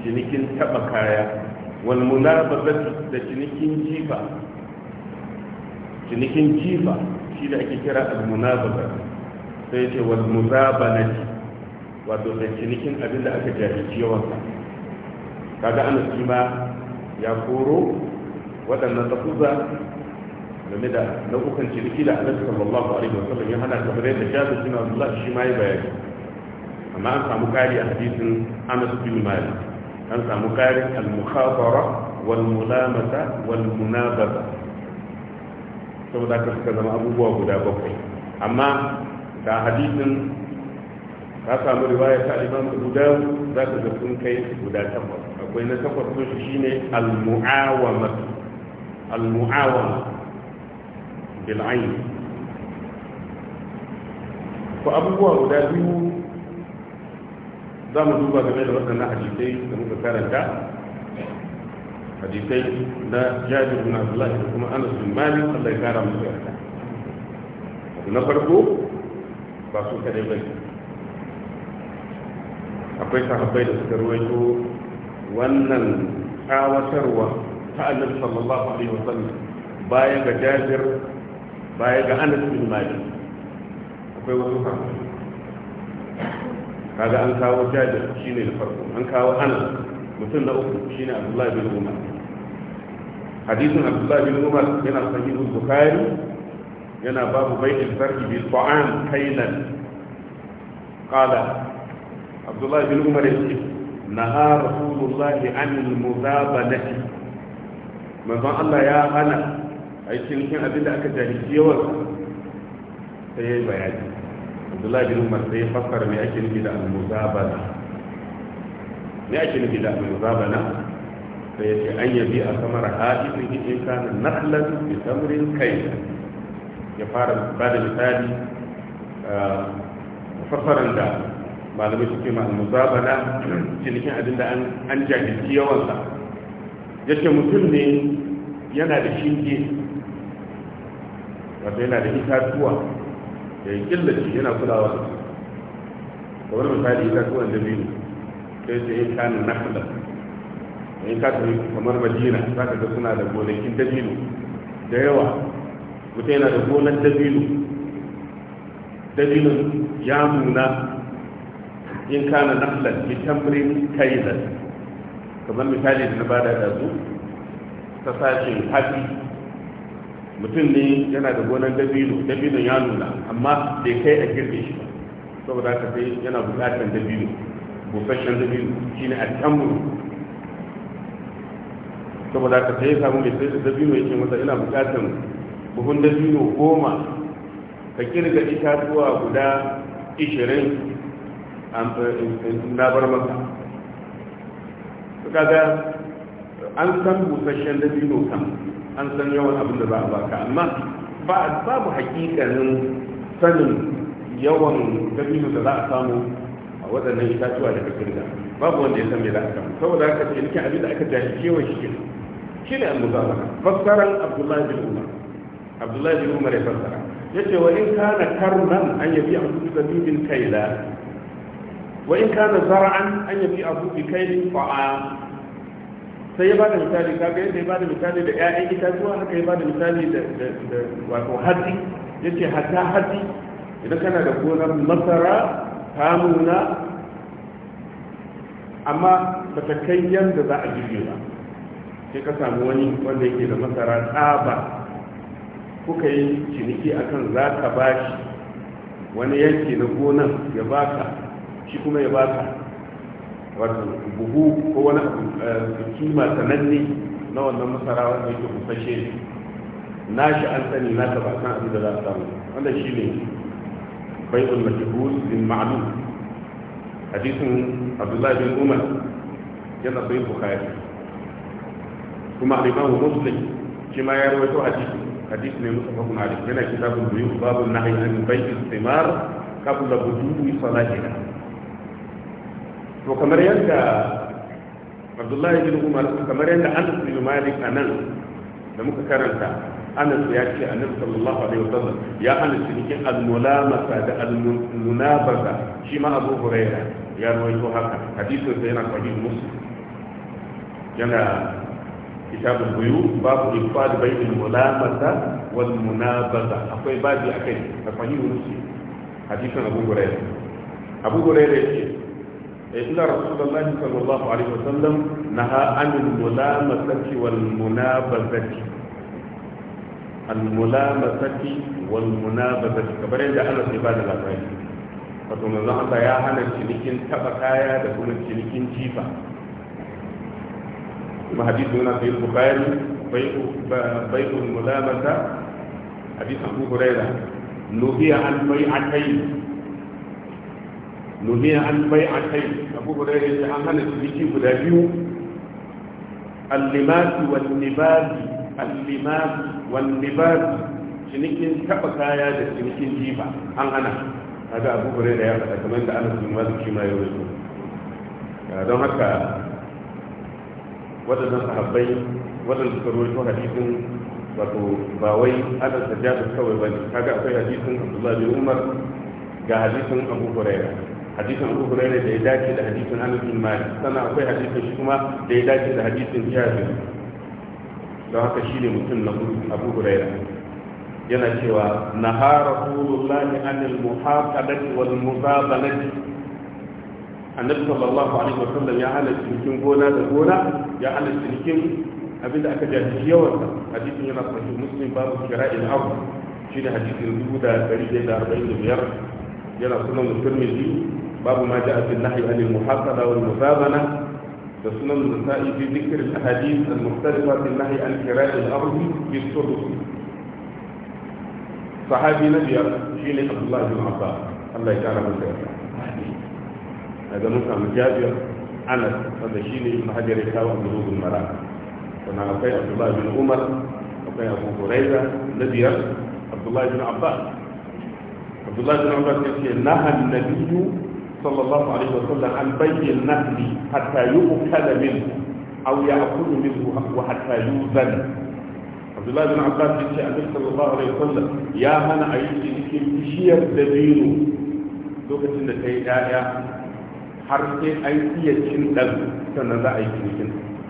cinikin taba kaya wal fati da cinikin jifa cinikin jifa shi da ake kira al mulabata sai ce na ji wato da cinikin abin da aka jahilci yawansa kaga ana ma ya koro waɗannan tafuzza game da nau'ukan ciniki da annabi sallallahu alaihi wasallam ya hana kamar yadda jabir bin abdullah shi ma ya bayani amma an samu kari a hadisin anas bin malik an samu kari al-mukhabara wal mulamata wal munabata saboda haka suka zama abubuwa guda bakwai amma ga hadisin ka samu riwaya ta imam abu dawud za ka ga sun kai guda takwas akwai na takwas to shi ne al-mu'awama al-mu'awama bil ayn ko abubuwa guda biyu za mu duba game da waɗannan hadisai da muka karanta hadisai na jabir bin abdullahi da kuma anas bin malik Allah ya kara musu yarda na farko ba su kadai bai akwai sahabbai da suka ruwaito wannan tsawatarwa ta annabi sallallahu alaihi wasallam baya ga jabir baya ga anas bin malik akwai wasu sahabbai kaga an kawo jabir shine da farko an kawo anas mutum na uku shine abdullahi bin umar hadisin abdullahi bin umar yana sahihu bukhari yana babu baitul farqi bil qur'an kailan qala abdullah bin umar yace naha rasulullah anil muzabalati manzon Allah ya hana aikin kin abin da aka jahilci yawan sai yayi bayani abdullah bin umar sai fassara me ake nufi da al-muzabala me ake nufi da al-muzabala sai ce an yabi a samar ha'ifin in kana nahlan bi samrin kailan ya fara ba da misali ah, fassarar da malamai suke ma muzabana cinikin abin da an jahilci yawansa ce mutum ne yana da shinge wato yana da itatuwa da ya killace yana kulawa da su misali itatuwan da biyu sai sai in kanu nakala in ka yi kamar majina, za ka ga suna da gonakin dabino da yawa mutum yana da gonar dabino dabinon ya nuna in kana nahlan bi tamrin kailan kamar misali da na bada da su ta sashin hafi mutum ne yana da gonar dabino dabinon ya nuna amma bai kai a girbe shi ba saboda haka sai yana bukatar dabino busasshen dabino shine a tamrin saboda ka sai samu mai sai da dabino yake masa ina bukatan buhun da biyu goma ka kirga itatuwa guda ishirin eh, na bar maka kaga an san busasshen da biyu kan an san yawan abin da ba a baka amma ba a samu hakikanin sanin yawan dabino da za a samu a waɗannan itatuwa daga kirga babu wanda ya san me za a samu saboda haka ce nake abin da aka jahilce wa shi ne an ne maka muzabara fassaran abdullahi bin umar abdullahi bin umar ya fassara Ya ce wa in kana karnan an yabi abu bi zabibin kaila wa in kana zara'an an yabi abu bi kailin fa'a sai ya ba da misali kaga yadda ya ba da misali da ƴaƴan itatuwa haka ya ba da misali da wato hatsi yace hatta hatsi idan kana da gonar masara ta nuna amma ba ta kai yadda za a jirgin ba sai ka samu wani wanda yake da masara tsaba kuka yi ciniki akan za ka ba shi wani yanki na gonan ya ba ka, shi kuma ya ba ka wata buhu ko wani eh, kima sananne na wannan masara wanda yake kusashe ne na shi an sani na ta bakan abin da za a samu wanda shi ne bai da majhul lil ma'lum hadisin abdullahi bin umar yana bai bukari kuma a imam muslim shi ma ya rawaito hadisi hadisi ne mutafakun alif yana kitabun biyu babu nahyi an bai istimar qabla budu'i salatiha to kamar yadda Abdullahi bin Umar kamar yadda Anas bin Malik anan da muka karanta Anas ya ce Annabi sallallahu alaihi wasallam ya hana cinikin al-mulamasa da al-munabasa shi ma Abu Hurairah ya rawaito haka hadisin Zainab yana sahih Muslim yana kitab buyu babu ifad bayn al mulamata wal munabaza akwai babu akai da fani wuce hadisan abu hurairah abu hurairah yace eh inna rasulullahi sallallahu alaihi wasallam naha an al mulamata wal munabaza al mulamata wal munabaza kabar inda Allah sai ba da labari wato manzon Allah ya hana cinikin taba kaya da kuma cinikin cifa. kuma hadisin yana sayi bukari bai'ul mulamata hadisin abu huraira nuhiya an bai'atai nuhiya an bai an kai, abu huraira ya ce an hana ciniki guda biyu allimati wal nibati allimati wal nibati cinikin taba kaya da cinikin jifa an hana kaga abu huraira ya faɗa kamar da anas bin malik shi ma ya rubuta don haka waɗannan sahabbai waɗanda suka rawaito hadisin wato ba wai ana sajjada kawai ba ne kaga akwai hadisin abdullahi bin umar ga hadisin abu huraira hadisin abu huraira da ya dace da hadisin anas bin malik sannan akwai hadisin shi kuma da ya dace da hadisin jabir don haka shi ne mutum na abu huraira yana cewa na ha rasulullahi anil muhaqadati wal muzabalati annabi sallallahu alaihi wasallam ya hana cinikin gona da gona ya hana cinikin abinda aka jaji yawan hadisin yana sahih muslim babu kira'il abu shi ne hadisin dubu da ɗari da arba'in da biyar yana sunan turmizi babu ma ja'a fil nahyi anil muhasaba wal muzabana da sunan nasa'i fi dhikr al ahadith al mukhtalifa fil nahyi an kira'il ardi bi sudus sahabi na biyar shi ne abdullah bin abbas Allah ya kara masa yarda daga mun samu jabir anas wanda shi ne ibn hajar ya kawo bulugul mara sannan akwai abdullahi bin umar akwai abu huraira na biyar abdullahi bin abbas abdullahi bin abbas ya ce nahan nabiyyu sallallahu alaihi wa sallam an bayyin nahli hatta yu'kala min aw ya'kulu minhu wa hatta yuzan abdullahi bin abbas ya ce annabi sallallahu alaihi wa sallam ya hana ayi cikin bishiyar dabino lokacin da ta yi 'ya'ya har sai an iya cin ɗan sannan za a yi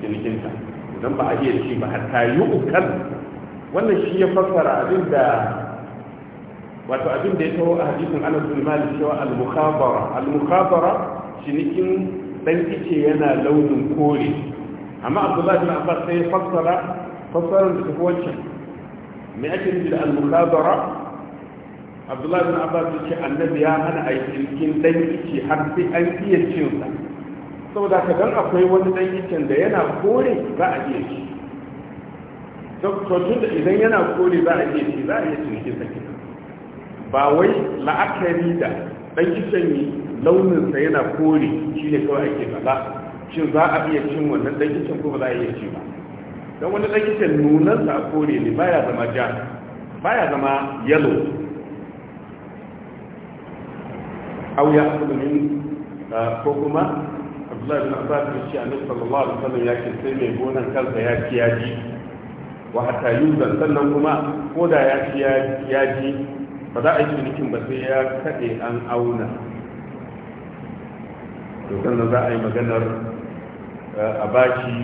cinikinta idan ba a iya ci ba ta yi ukan wannan shi ya fassara abin da wato abin da ya taho a hadisin anas bin malik cewa al-mukhabara al-mukhabara cinikin dan ice yana launin kore amma abdullahi bin abbas sai ya fassara fassarar da wancan me ake nufi da al-mukhabara abdullahi bin abbas ya ce annabi ya hana a yi dan ice har sai an iya cin sa saboda ka dan akwai wani dan icen da yana kore za a iya ci to tun da idan yana kore za a iya ci za a iya cin cinikin sa ba wai la'akari da dan yi launinsa yana kore shi ne kawai ake kaza shin za a iya cin wannan ɗan ko ba za a iya ci ba Dan wani ɗan nunansa a kore ne baya zama ja baya zama yalo au ya akulu min ko kuma abdullahi bin abbas ya ce annabi sallallahu alaihi wasallam ya ce sai mai gonan kansa ya ci ya ji wa hatta yuzan sannan kuma ko da ya ci ya ji ba za a yi cinikin ba sai ya kaɗe an auna to sannan za a yi maganar a bashi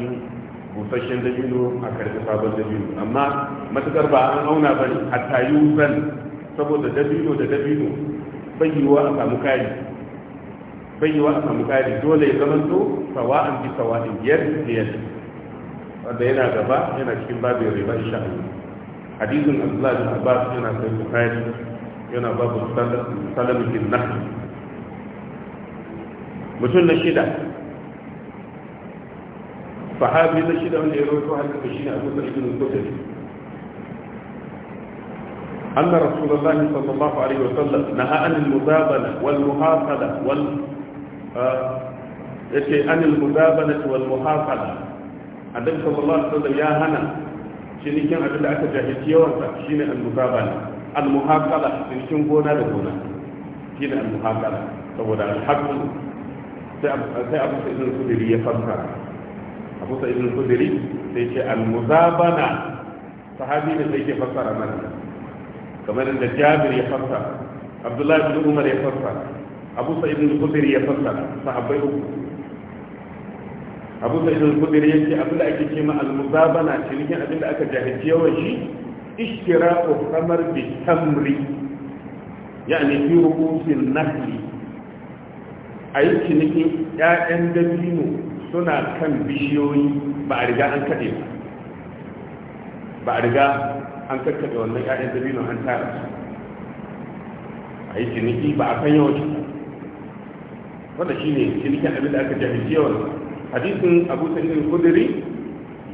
busasshen dabino a karfi sabon dabino amma matukar ba an auna ba ne hatta yuzan saboda dabino da dabino bayyawa a samu kari bayyawa a samu kari dole ya zama to sawa'an bi sawa'in yar biyar wanda yana gaba yana cikin babin riba insha Allah hadisin Abdullah bin Abbas yana sai Bukhari yana babu salam bin nahl mutum na shida sahabi na shida wanda ya rawaito hadisin shine Abu Sa'id bin Khudri أن رسول الله صلى الله عليه وسلم نهى عن المزابنة والمحاصلة وال yake anil mudabana wal muhafala annabi sallallahu alaihi wasallam ya hana cinikin abin da aka jahilci yawan sa shine al mudabana al muhafala cinikin gona da gona shine al saboda sai abu sa'id ya fassara abu sa'id al sai ce al mudabana sahabi ne sai ke fassara mana kamar da jabir ya fassara abdullahi bin umar ya fassara abu sa'id bin khudri ya fassara sahabbai uku abu sa'id bin khudri yace abin da ake cewa al-muzabana cinikin abin da aka jahilci yawan shi ishtira'u khamar bi tamri yani fi ruqusin nahli ayi cinikin 'ya'yan dabino suna kan bishiyoyi ba a riga an kaɗe ba ba a riga an kakkaɓe wannan ƴaƴan dabino an tara su a yi ciniki ba a san yawan shi wanda shi ne cinikin abin da aka jahilci yawan hadisun abu sa'idin kudiri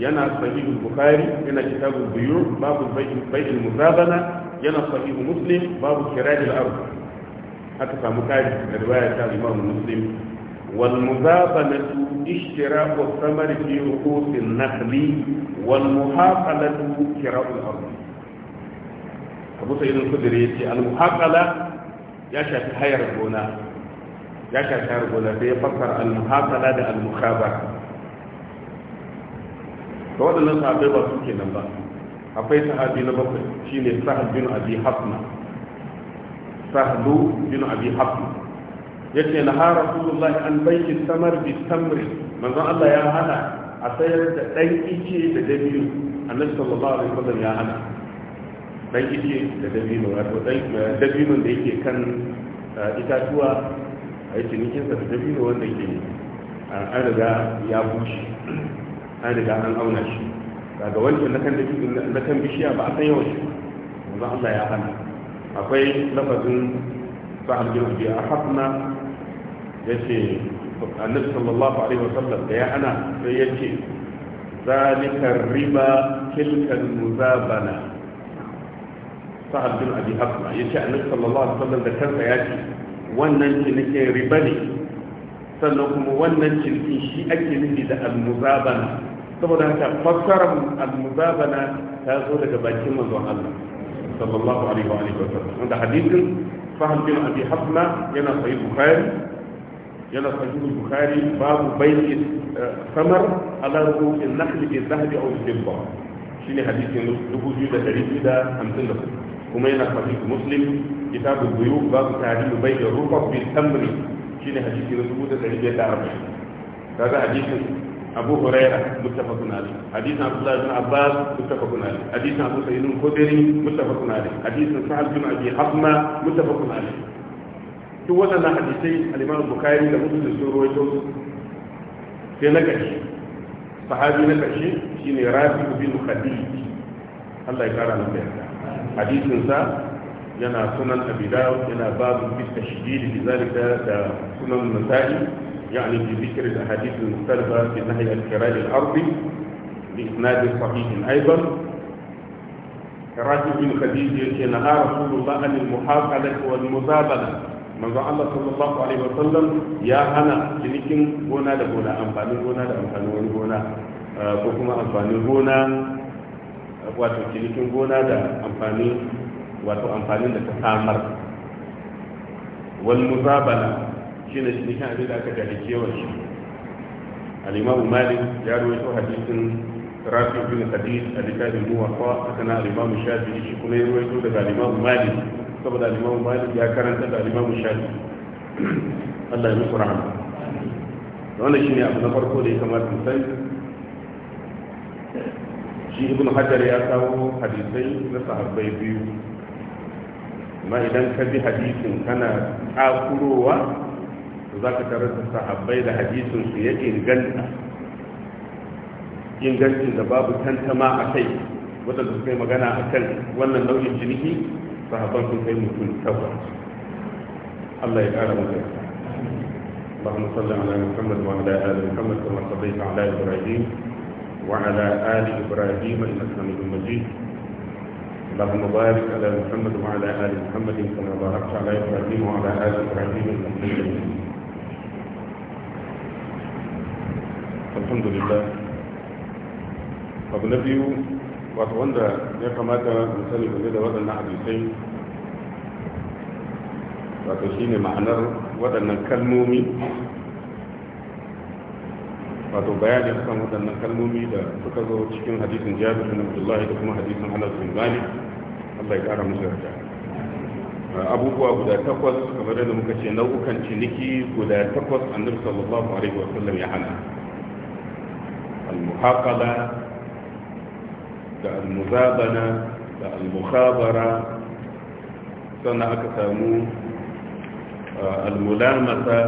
yana sahihul bukhari yana kitabun biyu babu bai'in muzabana yana sahihu muslim babu kirajil ardh aka samu kari da riwaya ta imam muslim wal اشتراء الثمر في fi النخل والمحاقلة كراء الأرض abu sa'id al-khudri yace al-muhaqala ya shafi hayar gona ya shafi hayar gona sai ya fassara al-muhaqala da al-mukhabara to waɗannan sahabbai ba su kenan ba akwai sahabi na bakwai shine sahab bin abi hafna sahlu bin abi hafna yace na ha rasulullahi an bayyi samar bi tamri manzon Allah ya hana a sayar da dan ice da dabiyu annabi sallallahu alaihi wasallam ya hana dan ije da dabino wato dan eh, dabinon da yake kan eh, itatuwa a yi sa da dabino wanda yake eh, an riga ya bushe an riga an auna shi daga wancan na kan bishiya ba a san yawan shi yanzu Allah ya hana akwai lafazin sahab a hafna ya yace annabi sallallahu alaihi wasallam da ya ana sai yace zalika riba tilka muzabana sa'ad bin abi hasma yace annabi sallallahu alaihi wasallam da kansa ya ce wannan cinikin riba ne sannan kuma wannan cinikin shi ake nufi da almuzabana saboda haka fassarar almuzabana ta zo daga bakin manzon Allah sallallahu alaihi wa alihi wasallam wanda hadisin fahim bin abi hasma yana sahih bukhari yana sahih bukhari babu bai'i eh, samar ala ru'in nakhli bi dhahabi aw bi Shi ne hadisin 2254 كمينة الحديث مسلم كتاب الضيوف باب تعديل بيت الرفق بالتمر شين حديث رسول الله صلى الله عليه هذا حديث أبو هريرة متفق عليه حديث عبد الله بن عباس متفق عليه حديث أبو سعيد الخدري متفق عليه حديث سعد بن أبي حصمة متفق عليه توزن حديثي الإمام البخاري لمسلم السور ويتوز في نكشي صحابي نكشي شين رافق بن خديج الله يكرم بهذا hadisinsa yana sunan abidaw yana babu fiska shididi da zalika da sunan nasa'i yani bi zikr da hadisin mustalfa fi nahyi al-kiraj al-ard bi isnad sahih aidan karatu bin khadij yake na rasulullah an al-muhaqalah wal muzabala manzo Allah sallallahu alaihi wasallam ya hana cinikin gona da gona amfanin gona da amfanin gona eh, ko kuma amfanin gona wato cinikin gona da amfani wato amfanin da ta samar wal muzabala shine cinikin abin da aka gani kewan shi al-imamu malik ya rawaito hadisin rafi bin hadis a littafin muwafa haka na al-imamu shafi'i shi kuma ya rawaito daga al-imamu malik saboda al-imamu malik ya karanta da al-imamu shafi'i Allah ya musu rahama wannan shine abu na farko da ya kamata mu sani shi ibn hajar ya kawo hadisai na sahabbai biyu amma idan ka bi hadisin kana kakurowa to za ka tarar da sahabbai da hadisin su ya inganta ingancin da babu tantama a kai wadda suka yi magana a kan wannan nau'in ciniki sahabban sun kai mutum takwas Allah ya kara mutum اللهم صل على محمد وعلى ال محمد كما صليت على ابراهيم وعلى آل إبراهيم إنك المجيد. اللهم بارك على محمد وعلى آل محمد كما باركت على إبراهيم وعلى آل إبراهيم إنك الحمد لله قبل بيو وأتوندا يا كمادة مثالي بلدة وزن حديثين وأتوشيني معنر وزن كالمومي wato bayanin kan waɗannan kalmomi da suka zo cikin hadisin jabir bin abdullahi da kuma hadisin anas bin malik Allah ya kara musu yarda abubuwa guda takwas kamar yadda muka ce nau'ukan ciniki guda takwas annabi sallallahu alaihi wa sallam ya hana al-muhaqala da al-muzabana da al-mukhabara sannan aka samu al mulamata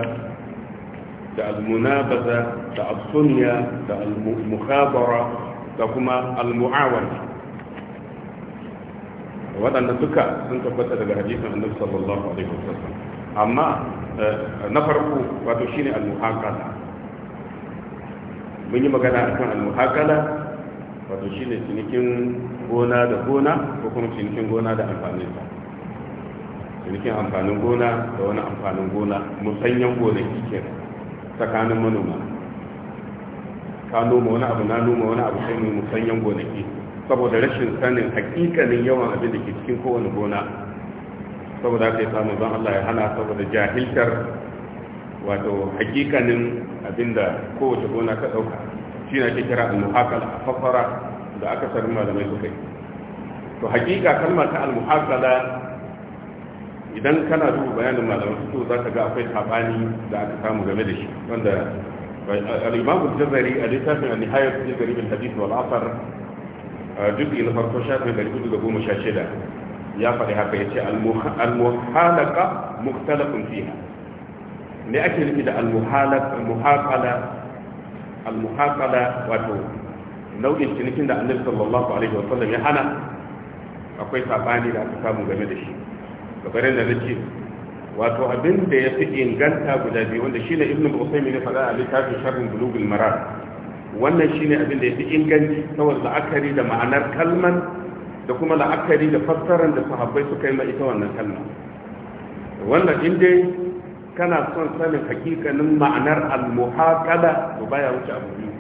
da al-munabaza da al-sunya da al-mukhabara da kuma al-mu'awana waɗanda duka sun tabbata daga hadisin annabi sallallahu alaihi wasallam amma eh, na farko wato shine al-muhaqala mun yi magana akan al-muhaqala wato shine cinikin gona da gona ko kuma cinikin gona da amfanin sa cinikin amfanin gona da wani amfanin gona musanyan gonaki kenan tsakanin manoma ka noma wani abu na noma wani abu sai mu musanyan gonaki saboda rashin sanin hakikanin yawan abin da ke cikin kowane gona saboda haka yasa zan Allah ya hana saboda jahilkar wato hakikanin abin da kowace gona ka dauka shi ne ake kira al a fassara da aka sarin malamai suka yi to hakika kalmar ta al muhakala idan kana duba bayanin malamai su za ka ga akwai sabani da aka samu game da shi wanda الإمام الجزري الإنسان من النهاية الجزري بالحديث والعصر جزء الفرق شاف من الجزء لقوم شاشدة يا فريحة بيتي المحالقة مختلف فيها لأجل كده المحالقة المحاقلة المحاقلة وتو nau'in cinikin da annabi sallallahu alaihi wa sallam ya hana akwai sabani da aka samu game da shi gabarin da nake wato abin da ya fi inganta guda biyu wanda shi ne ibn al-usaimi ne a littafin sharhin bulugul marar wannan shi ne abin da ya fi inganci saboda la'akari da ma'anar kalman da kuma la'akari da fassarar da sahabbai suka yi ma ita wannan kalma wannan in dai kana son sanin hakikanin ma'anar al-muhaqala to baya wuce abu biyu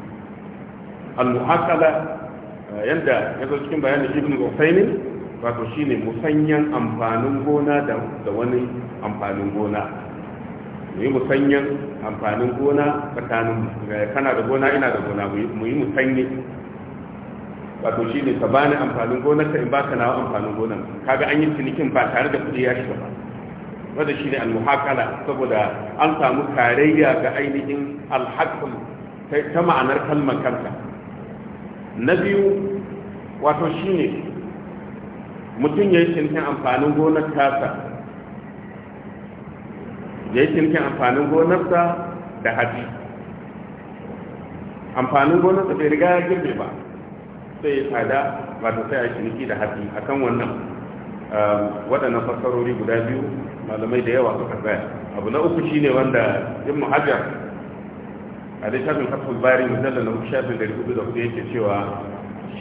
al-muhaqala yanda yanzu cikin bayanin ibn al wato shine musanyan amfanin gona da wani amfanin gona mu yi musanyan amfanin gona tsakanin kana da gona ina da gona mu yi musanye wato shi ne ka bani amfanin gona ka in ba ka nawa amfanin Ka kaga an yi cinikin ba tare da kudi ya shiga ba wadda shi ne almuhakala saboda an samu tarayya ga ainihin alhakul ta ma'anar kalmar kanta na biyu wato shi ne mutum ya yi cinikin amfanin gonar tasa ya yi cinikin amfanin gonarsa da haji amfanin gonarsa bai riga ya girbe ba sai ya tsada ta sai a ciniki da haji kan wannan um, waɗannan fassarori guda biyu malamai da yawa suka tsaya abu na uku shine wanda yin muhajjar a littafin kafin bari mujallar na shafin da rikudu da kudu yake cewa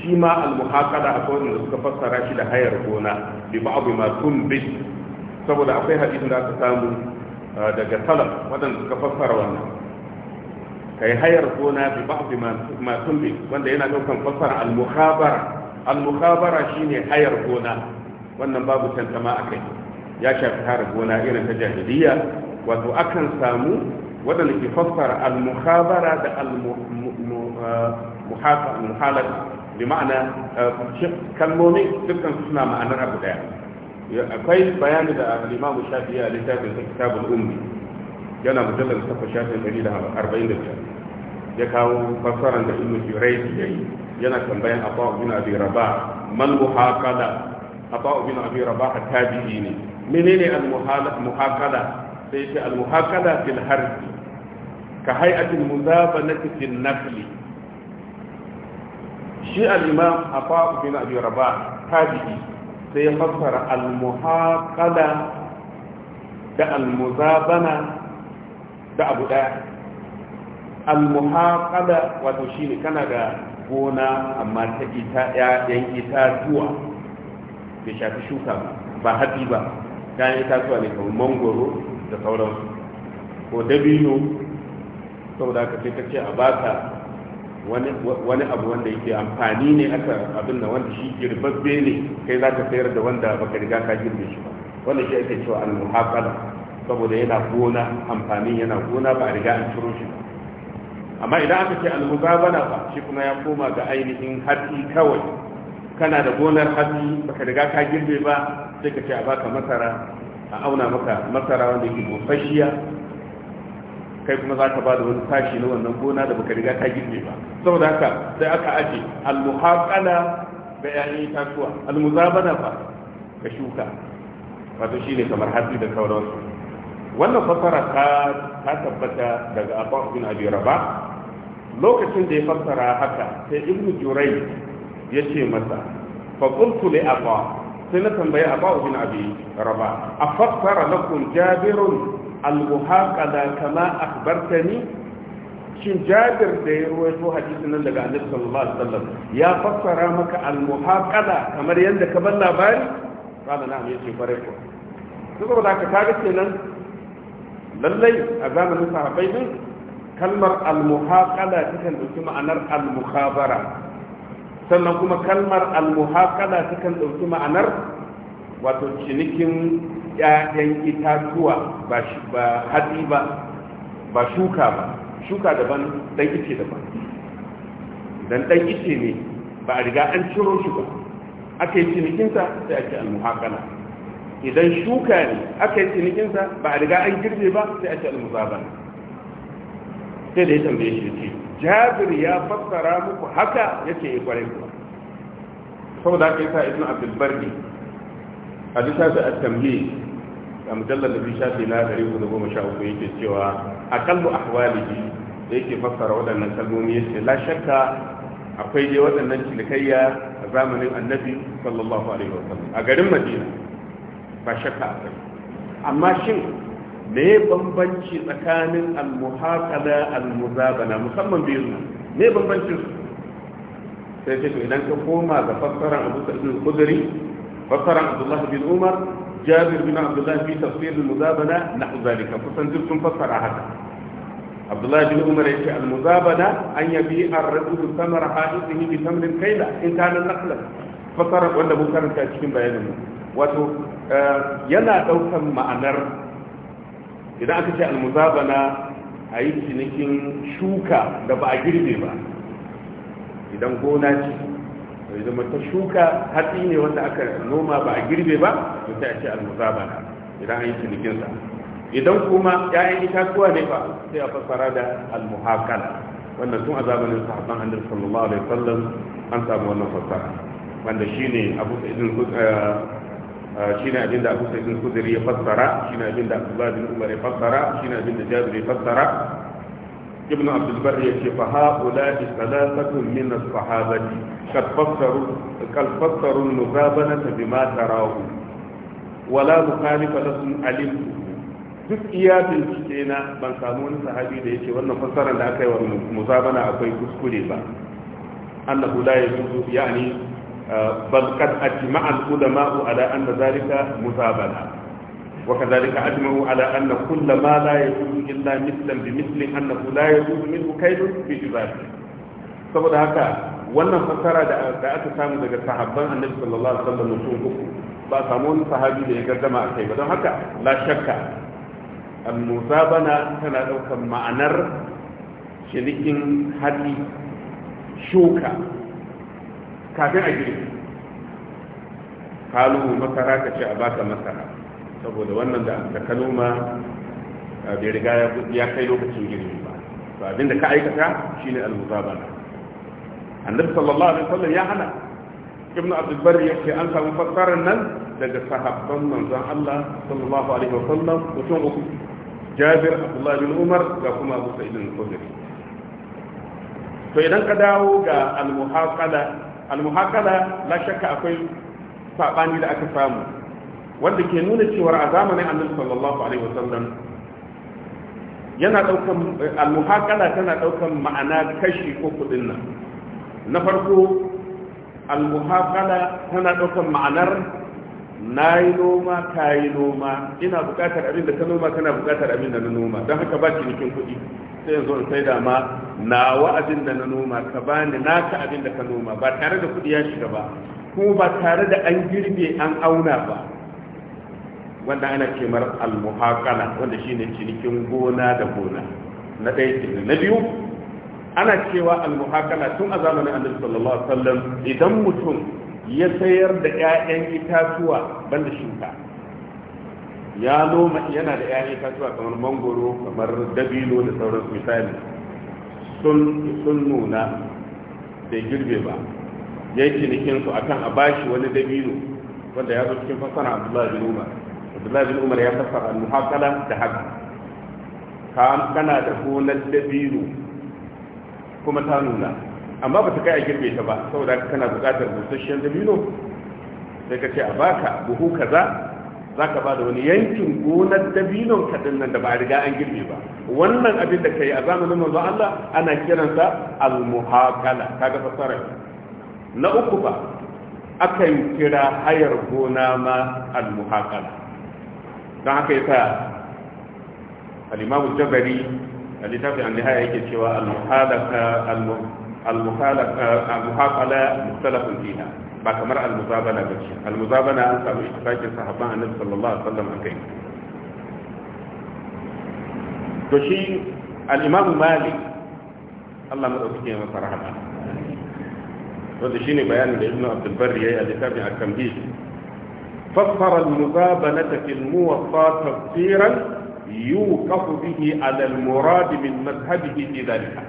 shi ma al-muhaqada akwai wanda suka fassara shi da hayar gona bi ba'd ma tunbit saboda akwai hadisin da aka samu uh, daga salaf wadanda suka fassara wannan kai hayar gona bi ba'd ma tunbit wanda yana daukan fassara al-mukhabara al-mukhabara shine hayar gona wannan babu tantama akai ya shafi hayar gona irin ta jahiliya wato akan samu waɗanda ke fassara al-mukhabara da al-muhalata uh, بمعنى آه، شيخ كان مومي تلقن سنة ما أنا أبو دعا كويس بيان الإمام الشافعي لتاب الكتاب الأمي جانا مجلد الصف الشافعي مريد أربعين دفع يكاو فصارا دعين جريد جاي جانا كان بيان أطاع بن أبي رباح من محاقلة أطاع بن أبي رباح التابعين منين المحاقلة سيكي المحاقلة في الحرب كهيئة المذابنة في النفلي shi al a afa bin raba, ta jiki, sai ya fassara al da al da abu daya al-muhaqala wato shine kana da gona amma ta ita ƴaƴan itatuwa bai shafi shuka ba ba ta ba ƴaƴan itatuwa ne kamar mangoro da sauransu ko dabino saboda ka ce ka ce a ba baka wani abu wanda yake amfani ne aka abin da wanda shi girbabbe ne kai za ka sayar da wanda baka riga ka girbe shi ba wanda shi ake cewa al-muhaqala saboda yana gona amfani yana gona ba a riga an ciro shi amma idan aka ce al-muzabana ba shi kuma ya koma ga ainihin hatsi kawai kana da gonar hatsi baka riga ka girbe ba sai ka ce a baka masara a auna maka masara wanda yake bofashiya kai kuma za ka ba da wani sashi na wannan gona da baka riga ta girbe ba saboda haka sai aka aje almuhaqala da ƴaƴan itatuwa almuzabana ba ka shuka wato shine kamar hatsi da sauransu wannan fasara ta ta tabbata daga Abu bin Abi Rabah lokacin da ya fassara haka sai Ibn Jurai ya ce masa fa qultu li Abu sai na tambaye Abu bin Abi Rabah afassara lakum Jabirun al-muhaqada kama akhbartani shin jabir da ya ruwaito hadisin nan daga annabi sallallahu alaihi wasallam ya fassara maka al-muhaqada kamar yadda ka ban labari kana na yace kwarai ko saboda haka kaga kenan lallai a zamanin sahabbai din kalmar al-muhaqada takan dauki ma'anar al-mukhabara sannan kuma kalmar al-muhaqada takan dauki ma'anar wato cinikin 'ya'yan itatuwa ba hatsi ba ba shuka ba shuka daban dan ice daban dan dan ice ne ba a riga an ciro shi ba aka yi cinikinsa sai ake almuhakala idan shuka ne aka yi cinikinsa ba a riga an girbe ba sai ake almuzabana sai da ya tambaye shi ce jabir ya fassara muku haka yake yi eh, kwarai kuwa saboda haka sa ibn abdul bardi a littafi a tambaye a mujallar da bi shafi na gari ku da goma sha uku yake cewa a akallu ahwalihi da yake fassara waɗannan kalmomi yace la shakka akwai dai waɗannan cinikayya a zamanin annabi sallallahu alaihi wa sallam. a garin madina ba shakka akwai amma shin me bambanci tsakanin almuhaqada almuzabana musamman biyu me bambancin su sai ce to idan ka koma ga fassarar abu sa'id al-khudri fassaran abdullahi bin umar jabir bin abdullahi fi tafsir al-muzabana nahwu zalika kusan duk fassara haka abdullahi bin umar yace al-muzabana an yabi ar-rajulu samara hadithi bi samrin kayla in kana naqlan fasara wanda mun karanta cikin bayanin wato yana ɗaukar ma'anar idan aka ce al-muzabana a yi cinikin shuka da ba a girbe ba idan gona ce to zama ta shuka hatsi ne wanda aka noma ba a girbe ba to sai ce almuzabana idan an yi cinikinsa idan kuma ya'yan itatuwa ne ba sai a fassara da almuhakala wannan tun a zamanin sahabban annabi sallallahu alaihi wasallam an samu wannan fassara wanda shine abu sa'idin uh, uh, shine abinda abu sa'idin kudiri ya fassara shine abinda abdullahi bin umar ya fassara shine abinda jabir ya fassara ibn abdulbar ya ce fa haula bi salatatun min as-sahabati kad fassaru kad fassaru nuzabanata bima tarahu wala duk iya bincike na ban samu wani sahabi da yake wannan fassarar da aka yi wa muzabana akwai kuskure ba annahu la yajuzu yani bal qad ajma'a al-ulama'u ala anna dhalika muzabana وكذلك أجمعوا على أن كل ما لا يجوز إلا مثلا بمثل أنه لا يجوز منه كيد في ذلك saboda haka wannan fassara da aka samu daga sahabban annabi sallallahu alaihi wasallam sun uku ba samu wani sahabi da ya gaddama a kai ba don haka la shakka Musa bana tana daukar ma'anar shirikin hali shuka kafin a girbi kalu masara ka ce a baka masara saboda wannan da kano ma eh, bai riga ya kai lokacin girbi ba to abin da ka aikata shine al-muzabana annabi sallallahu alaihi wasallam ya hana ibnu abdul barri ya ce an samu fassarar nan daga sahabban manzon Allah sallallahu alaihi wasallam mutum uku Jabir Abdullah bin Umar ga kuma Abu Sa'id bin khudri to idan ka dawo ga al-muhaqala al-muhaqala la shakka akwai sabani da aka samu wanda ke nuna cewar a zamanin annabi sallallahu alaihi wasallam yana daukan eh, al tana daukan ma'ana kashi uku din nan na farko al tana daukan ma'anar nayi noma kayi noma ina bukatar abin da ka noma kana bukatar abin da na noma don haka ba ki cinikin kuɗi sai yanzu in sai dama nawa abin da na noma ka bani naka abin da ka noma ba tare da kuɗi ya shiga ba kuma ba tare da an girbe an auna ba wanda ana ce mar al-muhaqala wanda shine cinikin gona da gona na ɗaya kenan na biyu ana cewa al tun a zamanin annabi sallallahu alaihi wasallam idan mutum ya sayar da ƴaƴan itatuwa banda shinka ya noma yana da ƴaƴan itatuwa kamar mangoro kamar dabino da sauran misali sun sun nuna bai girbe ba ya yi cinikin su akan a bashi wani dabino wanda ya zo cikin fasara abdullahi bin umar abdullahi bin umar ya fassara al-muhaqala da haka ka kana da gonar dabino kuma ta nuna amma ba ta kai a girbe ta ba saboda kana buƙatar busasshen dabino sai ka ce a baka buhu kaza za ka ba da wani yankin gonar dabinon ka nan da ba a riga an girbe ba wannan abin da ka yi a zamanin manzo Allah ana kiransa al-muhaqala kaga fasara na uku ba akan kira hayar gona ma al-muhaqala don haka yasa al-imamu jabari a littafin an nihaya yake cewa al-muhalaka mustalafin fiha ba kamar al-muzabana ba ce al-muzabana an samu ittifaqin sahabban annabi sallallahu alaihi wasallam akai to shi al-imam malik Allah madaukake ya masa rahama wanda shine bayanin da ibnu abdul barri yayi a littafin al-kamhid فسر المزابنة في الموصى تفسيرا يوقف به على المراد من مذهبه في ذلك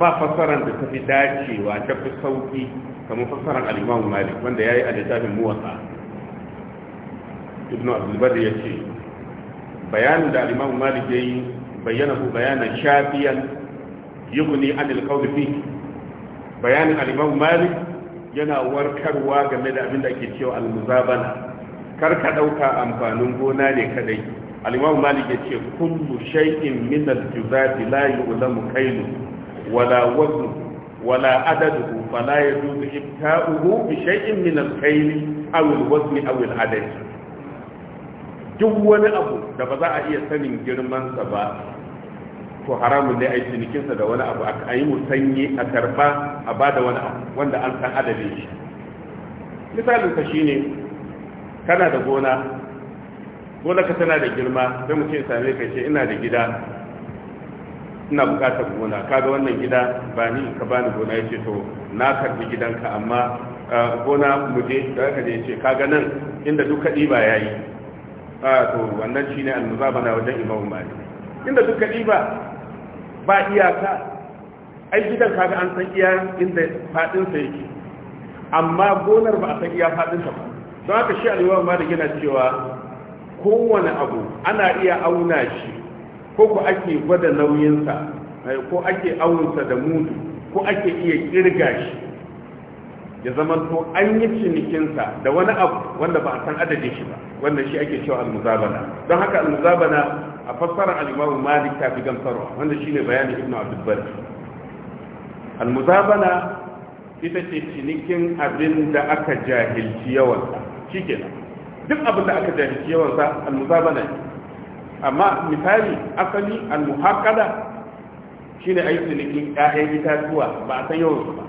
ففسرا بتفي داشي وتفي صوتي كما فسر الإمام مالك من يأي الإجابة الموصى ابن عبد البر يشي بيان الإمام مالك بيانه بيانا شافيا يغني عن القول فيه بيان الإمام مالك yana warkarwa game da abin da ke cewa almuzabana kar ka ɗauka amfanin gona ne kadai al-imam malik yace kullu shay'in min al-juzati la yu'lamu kaylu wala waznu wala adadu fala yajuzu ibta'uhu bi shay'in min al-kayli aw al-wazni aw al-adad duk wani abu da ba za a iya sanin girman sa ba to haramun ne a yi cinikinsa da wani abu a yi musanyi a karba a ba da wani abu wanda an san adadin shi misalinsa shi ne kana da gona Gona ka tana da girma sai mutum ya same ka ce ina da gida ina bukatar gona Ka ga wannan gida ba ni ka bani gona ya ce to na karbi gidanka amma gona mu je da aka je ce ga nan inda duk kaɗi ba yi. a to wannan shi shine za bana wajen imamu ba. inda duk kaɗi ba ba iyaka ai gidan kaga an san iya inda faɗinsa yake amma gonar ba a san iya faɗinsa ba don haka shi aliyu ma da gina cewa kowane abu ana iya auna shi ko ko ake gwada nauyinsa eh, ko ake aunsa da mudu ko ake iya kirga shi ya zama to an yi cinikinsa da wani abu wanda ba a san adadin shi ba wannan shi ake cewa almuzabana don haka almuzabana a fassara al malik ta fi gamsarwa wanda shine bayanin ibnu abdul bar al-muzabana ita ce cinikin abin da aka jahilci yawansa shi shikenan duk abin da aka jahilci yawansa al-muzabana ne amma misali asali al-muhaqqada shine ayi cinikin ƴaƴan itatuwa ba a san yawansu ba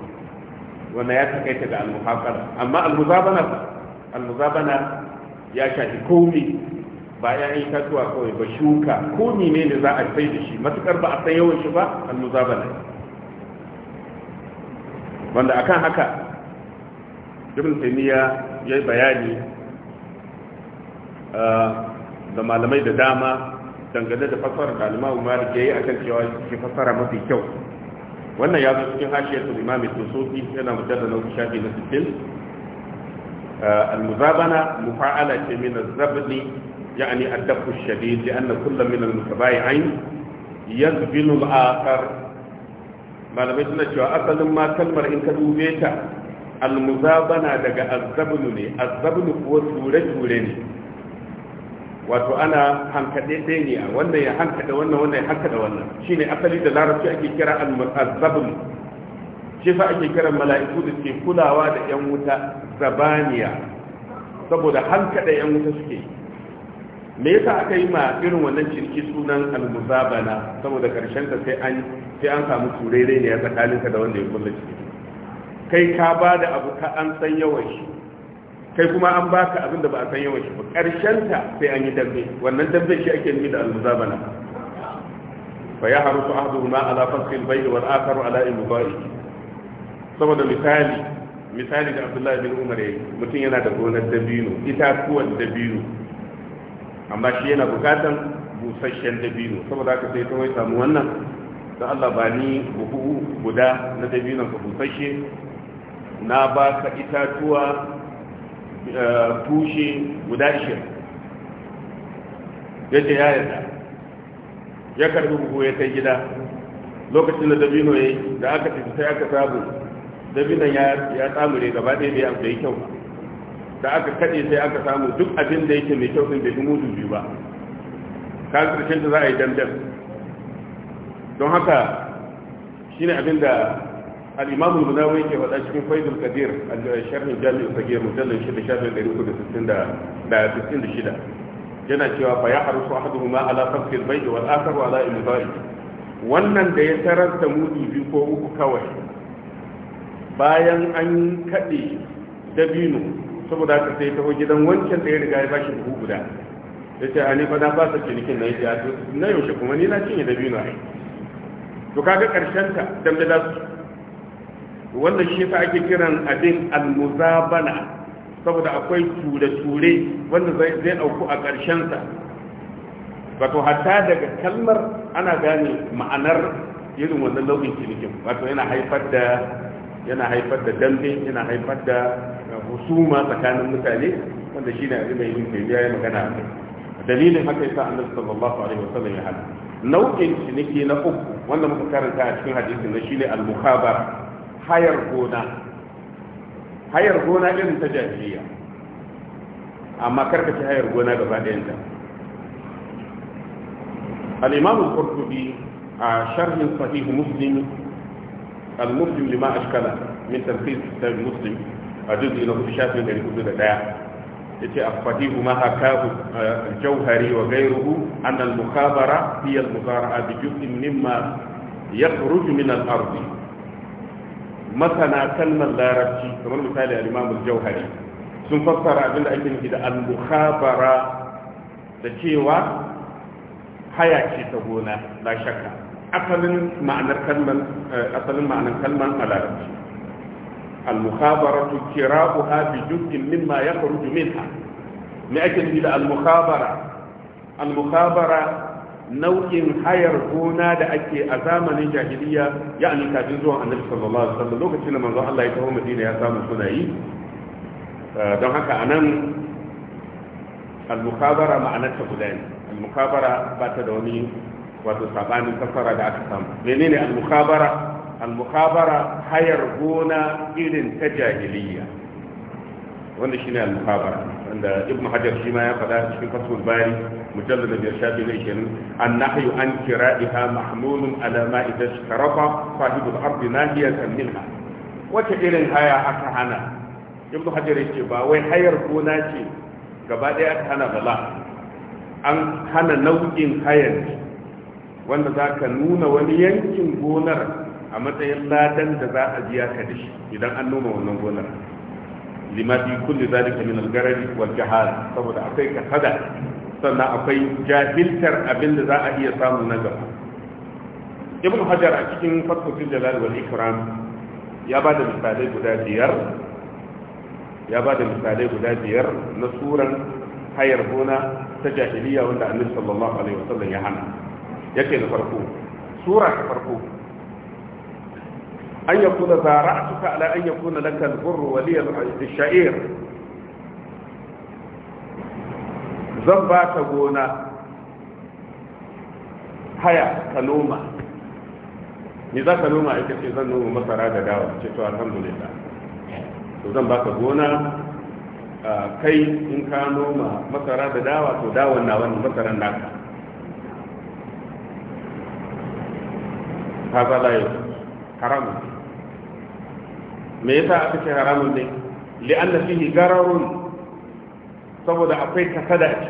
wanda ya takaita ga al-muhaqqada amma al-muzabana al-muzabana ya shafi komai ba ‘ya'yan kasuwa kawai ba shuka ko ne ne za a sai da shi matukar ba a san yawan shi ba hannu za ne wanda akan haka ibn taymiya ya yi bayani ah, da malamai da dama dangane da fasara da alimamu malik ya yi akan cewa shi fasara mafi kyau wannan ya zo cikin hashiyar su imami tosofi yana da nauki shafi na sittin ah, al-muzabana mufa'ala ce min az-zabni يعني الدف الشديد لأن كل من المتبايعين يقبل الآخر ما لم يكن أصلا ما كلمة إن كدوبيتا المزابنة دقى الزبن الزبن هو سورة سورة wato ana hankaɗe ɗaya ne a wannan ya hankaɗe wannan wannan ya hankaɗe wannan shine asali da larabci ake kira al-zabun shi fa ake kira mala'iku da ke kulawa da yan wuta zabaniya saboda hankaɗe yan wuta suke yi me yasa aka yi ma irin wannan ciniki sunan almuzabana saboda karshen ta sai an sai an samu turere ne a tsakanin ka da wanda ya kulla ciniki kai ka ba da abu ka an san yawan shi kai kuma an baka abin da ba a san yawan shi ba karshen ta sai an yi dambe wannan dambe shi ake nufi da almuzabana fa ya ahdu ma ala fasqil bay'i wal akharu ala imdai saboda misali misali da Abdullahi bin Umar yayi mutum yana da gonar dabino itatuwan dabino amma shi yana bukatan busasshen dabino saboda haka sai kawai samu wannan da Allah ba ni buhu guda na dabinon ka busasshe na ba ka itatuwa eh, tushe guda ishe. yadda ya yarda ya karbi buhu ya kai gida lokacin da dabino ya yi da aka tafi sai aka sabu dabinon ya tsamure gaba ɗaya da amfani kyau ba da aka kaɗe sai aka samu duk abin da yake mai kyau sun bai mudu biyu ba ka ƙarshen da za a yi dandam. don haka shi ne abin da al'imamun munawai ke faɗa cikin faizul kadir a sharhin jami'in sagiyar mujallar shida shafin ɗari uku da sittin da sittin da shida yana cewa fa ya harusu a hadu ma ala fasil bai da wal'asar wa ala imubai wannan da ya tarar da mudu biyu ko uku kawai bayan an kaɗe dabino saboda ka sai taho gidan wancan da ya riga ya bashi buhu guda ya ce ani fa na sa cinikin na yi ya na yaushe kuma ni na cinye da biyu na to kaga karshen ta dan da su wannan shi yasa ake kiran abin almuzabana saboda akwai ture-ture wanda zai auku a karshen sa wato hatta daga kalmar ana gane ma'anar irin wannan nau'in cinikin wato yana haifar da yana haifar da dambe yana haifar da uh, husuma tsakanin mutane wanda shine abin da yin tafiya ya magana a kai dalilin haka yasa annabi sallallahu alaihi wasallam ya hana nau'in ciniki na uku wanda muka karanta a cikin hadisin na shi ne al-mukhaba hayar gona hayar gona irin ta jahiliya amma karka ci hayar gona gaba ɗayan ta al-imam qurtubi a sharhin sahih muslim al-muslim lima ashkala min muslim a juz'i na hudu shafin dari hudu da daya yace afadihu ma hakahu al a wa ghayruhu anna al-mukhabara hiya al-muzara'a bi juz'in mimma yakhruju min masana kalmar larabci kamar misali al-imam sun fassara abinda ake nufi da al-mukhabara da cewa haya ce ta gona la shakka asalin ma'anar kalman eh, asalin ma'anar kalman a larabci al-mukhabaratu kira'uha bi juz'in mimma yakhruju minha me ake nufi da al-mukhabara al-mukhabara nau'in hayar gona da ake a zamanin jahiliya ya'ani kafin zuwan annabi sallallahu alaihi wasallam lokacin da manzon Allah ya taho Madina ya samu suna yi eh, don haka anan al-mukhabara ma'anar ta guda ne al-mukhabara ba ta da wani wato sabanin kasara da aka samu menene al-mukhabara al-mukhabara hayar gona irin ta jahiliya wanda shine al-mukhabara wanda ibn hajar shi ma ya faɗa cikin fasul bari mujallad da shafi na 20 an-nahyu an kira'iha mahmulun ala ma idza sharafa sahibu al-ard nahiyatan minha wace irin haya aka hana ibn hajar yake ba wai hayar gona ce gaba ɗaya aka hana bala an hana nau'in hayan wanda za ka nuna wani yankin gonar a matsayin ladan da za a biya ka da shi idan an noma wannan gonar lima fi kulli zalika min al-garari wal jahal saboda akwai kasada sannan akwai jahiltar abin da za a iya samu na gaba ibn hajar a cikin fatwatul jalal wal ikram ya ba da misalai guda biyar ya ba da misalai guda biyar na suran hayar gona ta jahiliya wanda annabi sallallahu alaihi wasallam ya hana yake da farko sura ta farko an zara a zara'atuka ala an yakuna laka al-burr waliyar shair zan ba ta gona haya ka noma ni za ka noma ita ce zan noma masara da dawa ce to alhamdulillah to zan ba ka gona ah, kai in ka noma masara da dawa to dawon na wani masaran naka haza la yau haramun me yasa aka ce haramun ne li'anna fihi gararun saboda akwai kasada ce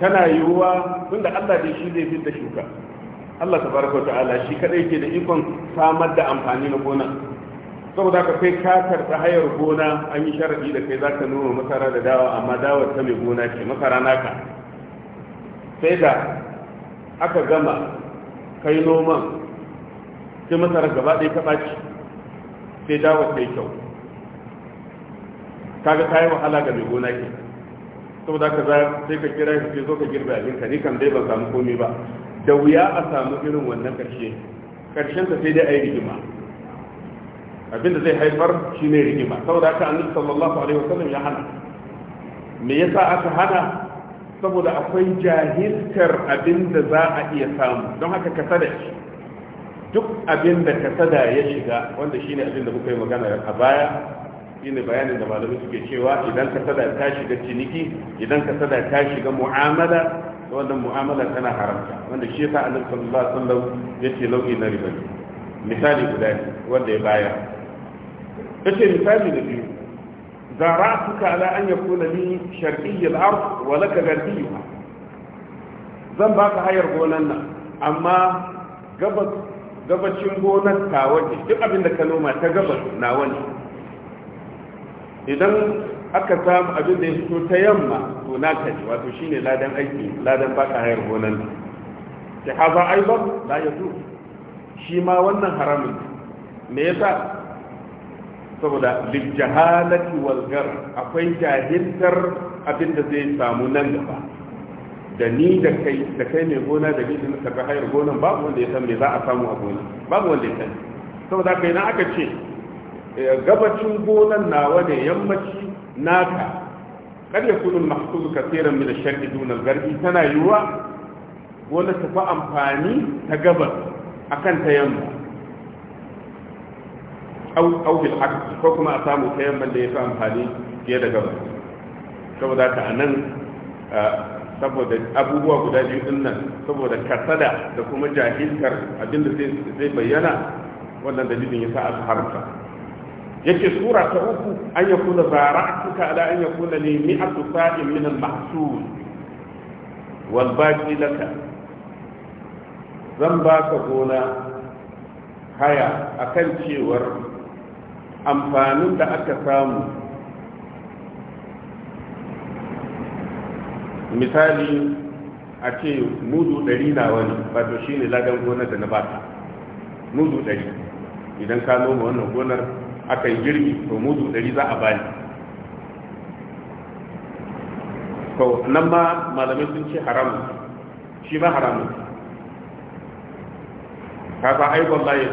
tana yiwuwa tunda Allah dai shi zai fitta shuka Allah tabaraka wa ta'ala shi kadai ke da ikon samar da amfani na gona saboda ka kai ka karɓi hayar gona an yi sharadi da kai zaka noma masara da dawa amma dawar ta mai gona ce masara naka sai da aka gama kai noman sai masarar gaba ɗaya ta ɓaci sai dawa sai kyau kaga ta yi wahala ga mai gona ke saboda ka za sai ka kira shi zo ka girbe abinka ni kam dai ban samu komai ba da wuya a samu irin wannan ƙarshe ƙarshen sai dai a yi rigima abinda zai haifar shi ne rigima saboda ka annabi sallallahu alaihi wasallam ya hana me yasa aka hana saboda akwai jahiltar abin da za a iya samu don haka da shi duk abin da kasada ya shiga wanda shine abin da muka yi magana a baya shine bayanin da malamai suke cewa idan kasada ta shiga ciniki idan kasada ta shiga mu'amala to wannan mu'amala tana haramta wanda shi yasa annabi sallallahu alaihi wasallam yace lauki na riba misali guda wanda ya bayar yace misali da biyu ala ذراتك على أن يكون لي شرقي الأرض ولك غربيها zan ba ka hayar gonan nan amma gabacin gonar ta waje duk abin da ka noma ta gabas na wani idan aka samu abin da ya fito ta yamma to na kaji wato shine ladan aiki ladan ba ka hayar gonan nan ta haza aibar la ya shi ma wannan haramun me sa? saboda lijjahalati walgar akwai jahiltar abin da zai samu nan gaba da ni da kai da mai gona da ni da na karɓi hayar gonan babu wanda ya san me za a samu a gona babu wanda ya san saboda kai na aka ce eh, gabacin gonan nawa ne yammaci naka Karya ya masu mahsusu kasiran min sharqi dun al-gharbi tana yiwuwa wanda ta fi amfani ta gabas akan ta yamma au bil ko kuma a samu kayan banda ya fi amfani fiye da gaba saboda ka anan saboda abubuwa guda biyu din nan saboda kasada da kuma jahilkar abinda zai bayyana wannan dalilin ya sa a harta yake sura ta uku an ya kula zara, bara'atuka ala an ya kula ne mi'atu sa'in min al-mahsul wal baqi laka zan ka gona haya akan cewar amfanin da aka samu misali a ce mudu ɗari na wani wato shi ne ladan gonar da na ba ta mudu ɗari idan ka noma wannan gonar kan girbi to mudu ɗari za a bani Ko nan ma malamai sun ce haramun shi ma haramun ka ba ai ba ya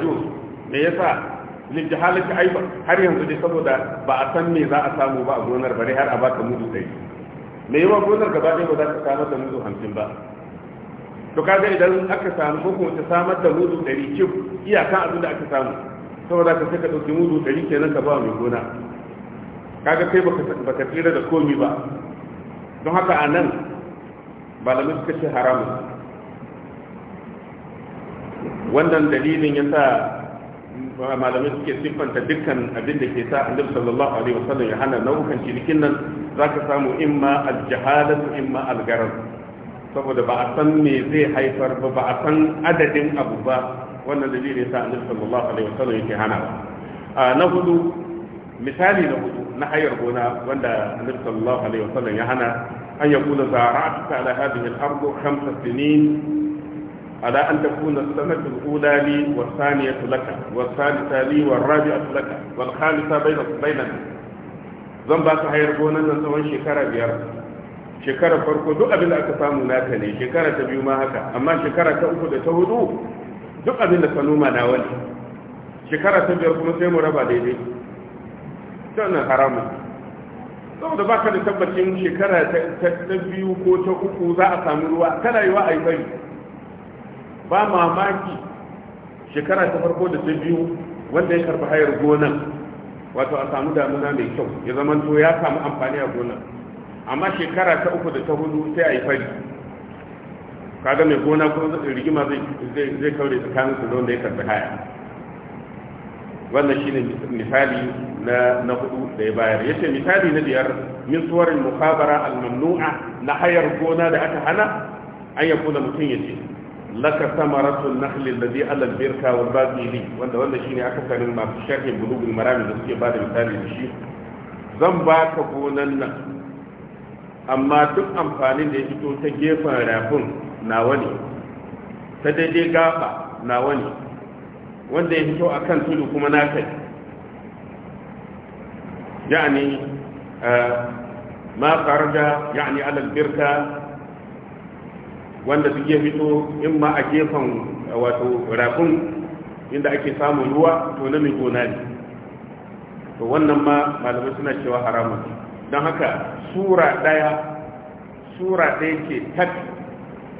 me yasa lijahalati aiba har yanzu dai saboda ba a san me za a samu ba a gonar bare har a baka mudu ɗari me yawa gonar gaba ɗaya ba za ka samar da mudu hamsin ba to kaga idan aka samu ko kuma ta samar da mudu ɗari cif iyaka abin da aka samu saboda ka sai ka ɗauki mudu dari kenan ka ba mai gona kaga kai baka tsira da komi ba don haka a nan malamai suka ce haramun wannan dalilin ya sa malamai suke siffanta dukkan abin da ke sa annabi sallallahu alaihi wasallam ya hana nau'ukan cinikin nan zaka samu imma al aljahalatu imma al algarar saboda ba a san me zai haifar ba ba a san adadin abu ba wannan dalilin sa annabi sallallahu alaihi wasallam yake hana ba na hudu misali na hudu na hayar gona wanda annabi sallallahu alaihi wasallam ya hana an yaqulu zara'tuka ala hadhihi al-ardu khamsa sinin على أن تكون السنة الأولى لي والثانية لك والثالثة لي والرابعة لك والخامسة بيننا zan ba ka hayar gonan nan tsawon shekara biyar shekara farko duk abin da aka samu naka ne shekara ta biyu ma haka amma shekara ta uku da ta hudu duk abin da ka noma na wani shekara ta biyar kuma sai mu raba daidai Ta sannan haramun saboda ka da tabbacin shekara ta biyu ko ta uku za a samu ruwa tana yiwa a yi bari ba mamaki shekara ta farko da ta biyu wanda ya karbi hayar gonan wato a samu damuna mai kyau ya zama to ya samu amfani a gonan amma shekara ta uku da ta hudu sai a yi fari kaga mai gona zai rigima zai kaure tsakanin su da ya karbi haya wannan shine misali na na hudu da ya bayar yace misali na biyar min suwarin mukhabara al-mamnu'a na hayar gona da aka hana an yakuna mutum yace laka samaratun nahli alladhi ala albirka wal baqili wanda wannan shine akasarin masu sharhin bulugun marami da suke bada misali da shi zan ba ka gonan nan amma duk amfanin da ya fito ta gefen rafin nawa ne ta daidai gaba nawa ne wanda ya fito a kan tudu kuma na kai ya'ani eh, ma kharaja ya'ani ala albirka wanda suke fito in ma a gefen wato rafin inda ake samun ruwa to na mai gona ne to wannan ma malamai suna cewa haramun don haka sura daya sura daya tak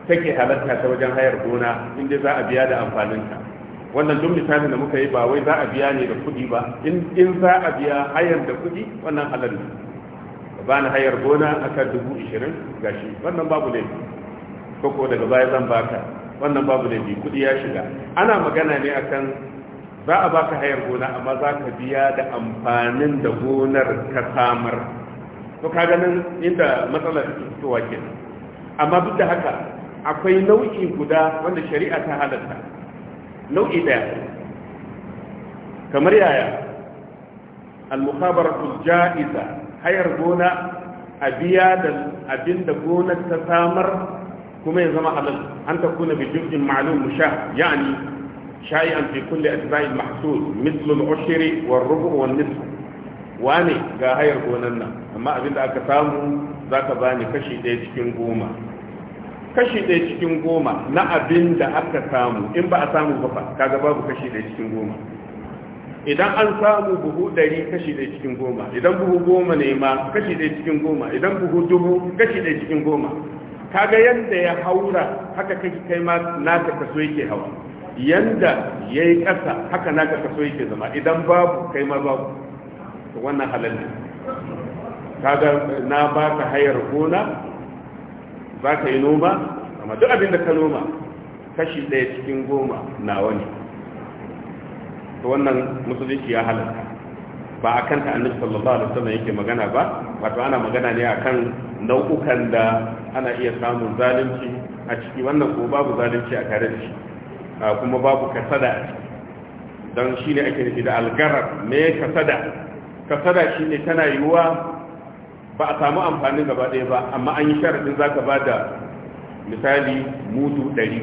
take halatta ta wajen hayar gona inda za a biya da amfaninta wannan duk misali da muka yi ba wai za a biya ne da kuɗi ba in za a biya hayar da kuɗi wannan halar ne ba na hayar gona aka dubu ishirin gashi wannan babu laifi koko daga baya zan baka wannan babu da bi kudi ya shiga ana magana ne akan za a baka hayar gona amma za ka biya da amfanin da gonar ka samar to ka ganin inda matsalar take fitowa ke. amma duk da haka akwai nau'i guda wanda shari'a ta halatta nau'i daya kamar yaya al-mukhabaratul ja'iza hayar gona a biya da abinda gonar ta samar kuma يزمع zama أن an takuna معلوم مشاه يعني شائعا في كل أجزاء kulli مثل العشر والربع والنصف واني ushri wal-rubu' wal-nisf wane ga hayar gonan nan amma abinda aka samu kashi ɗaya cikin goma kashi cikin goma na abin da aka samu in ba a samu ba kaga babu kashi ɗaya cikin goma idan an samu buhu ɗari kashi ɗaya cikin goma idan buhu goma ne ma kashi ɗaya cikin goma idan buhu dubu kashi ɗaya cikin goma kaga yanda ya haura haka kai kai ma naka kaso yake hawa yanda yayi kasa haka naka kaso yake zama idan babu kai ma babu to wannan halal ne kaga na ba ka hayar gona ba ka yi noma amma duk abin da ka noma kashi ɗaya cikin goma na wani. to wannan musulunci ya halatta ba a kanta annabi sallallahu alaihi wasallam yake magana ba wato ana magana ne akan nau'ukan da ana iya samun zalunci a ciki wannan ko babu zalunci a tare da shi kuma babu kasada don shi ne ake nufi da algarar me kasada kasada shi ne tana yiwuwa ba a samu amfanin gaba ɗaya ba amma an yi sharaɗin za ka ba da misali mudu ɗari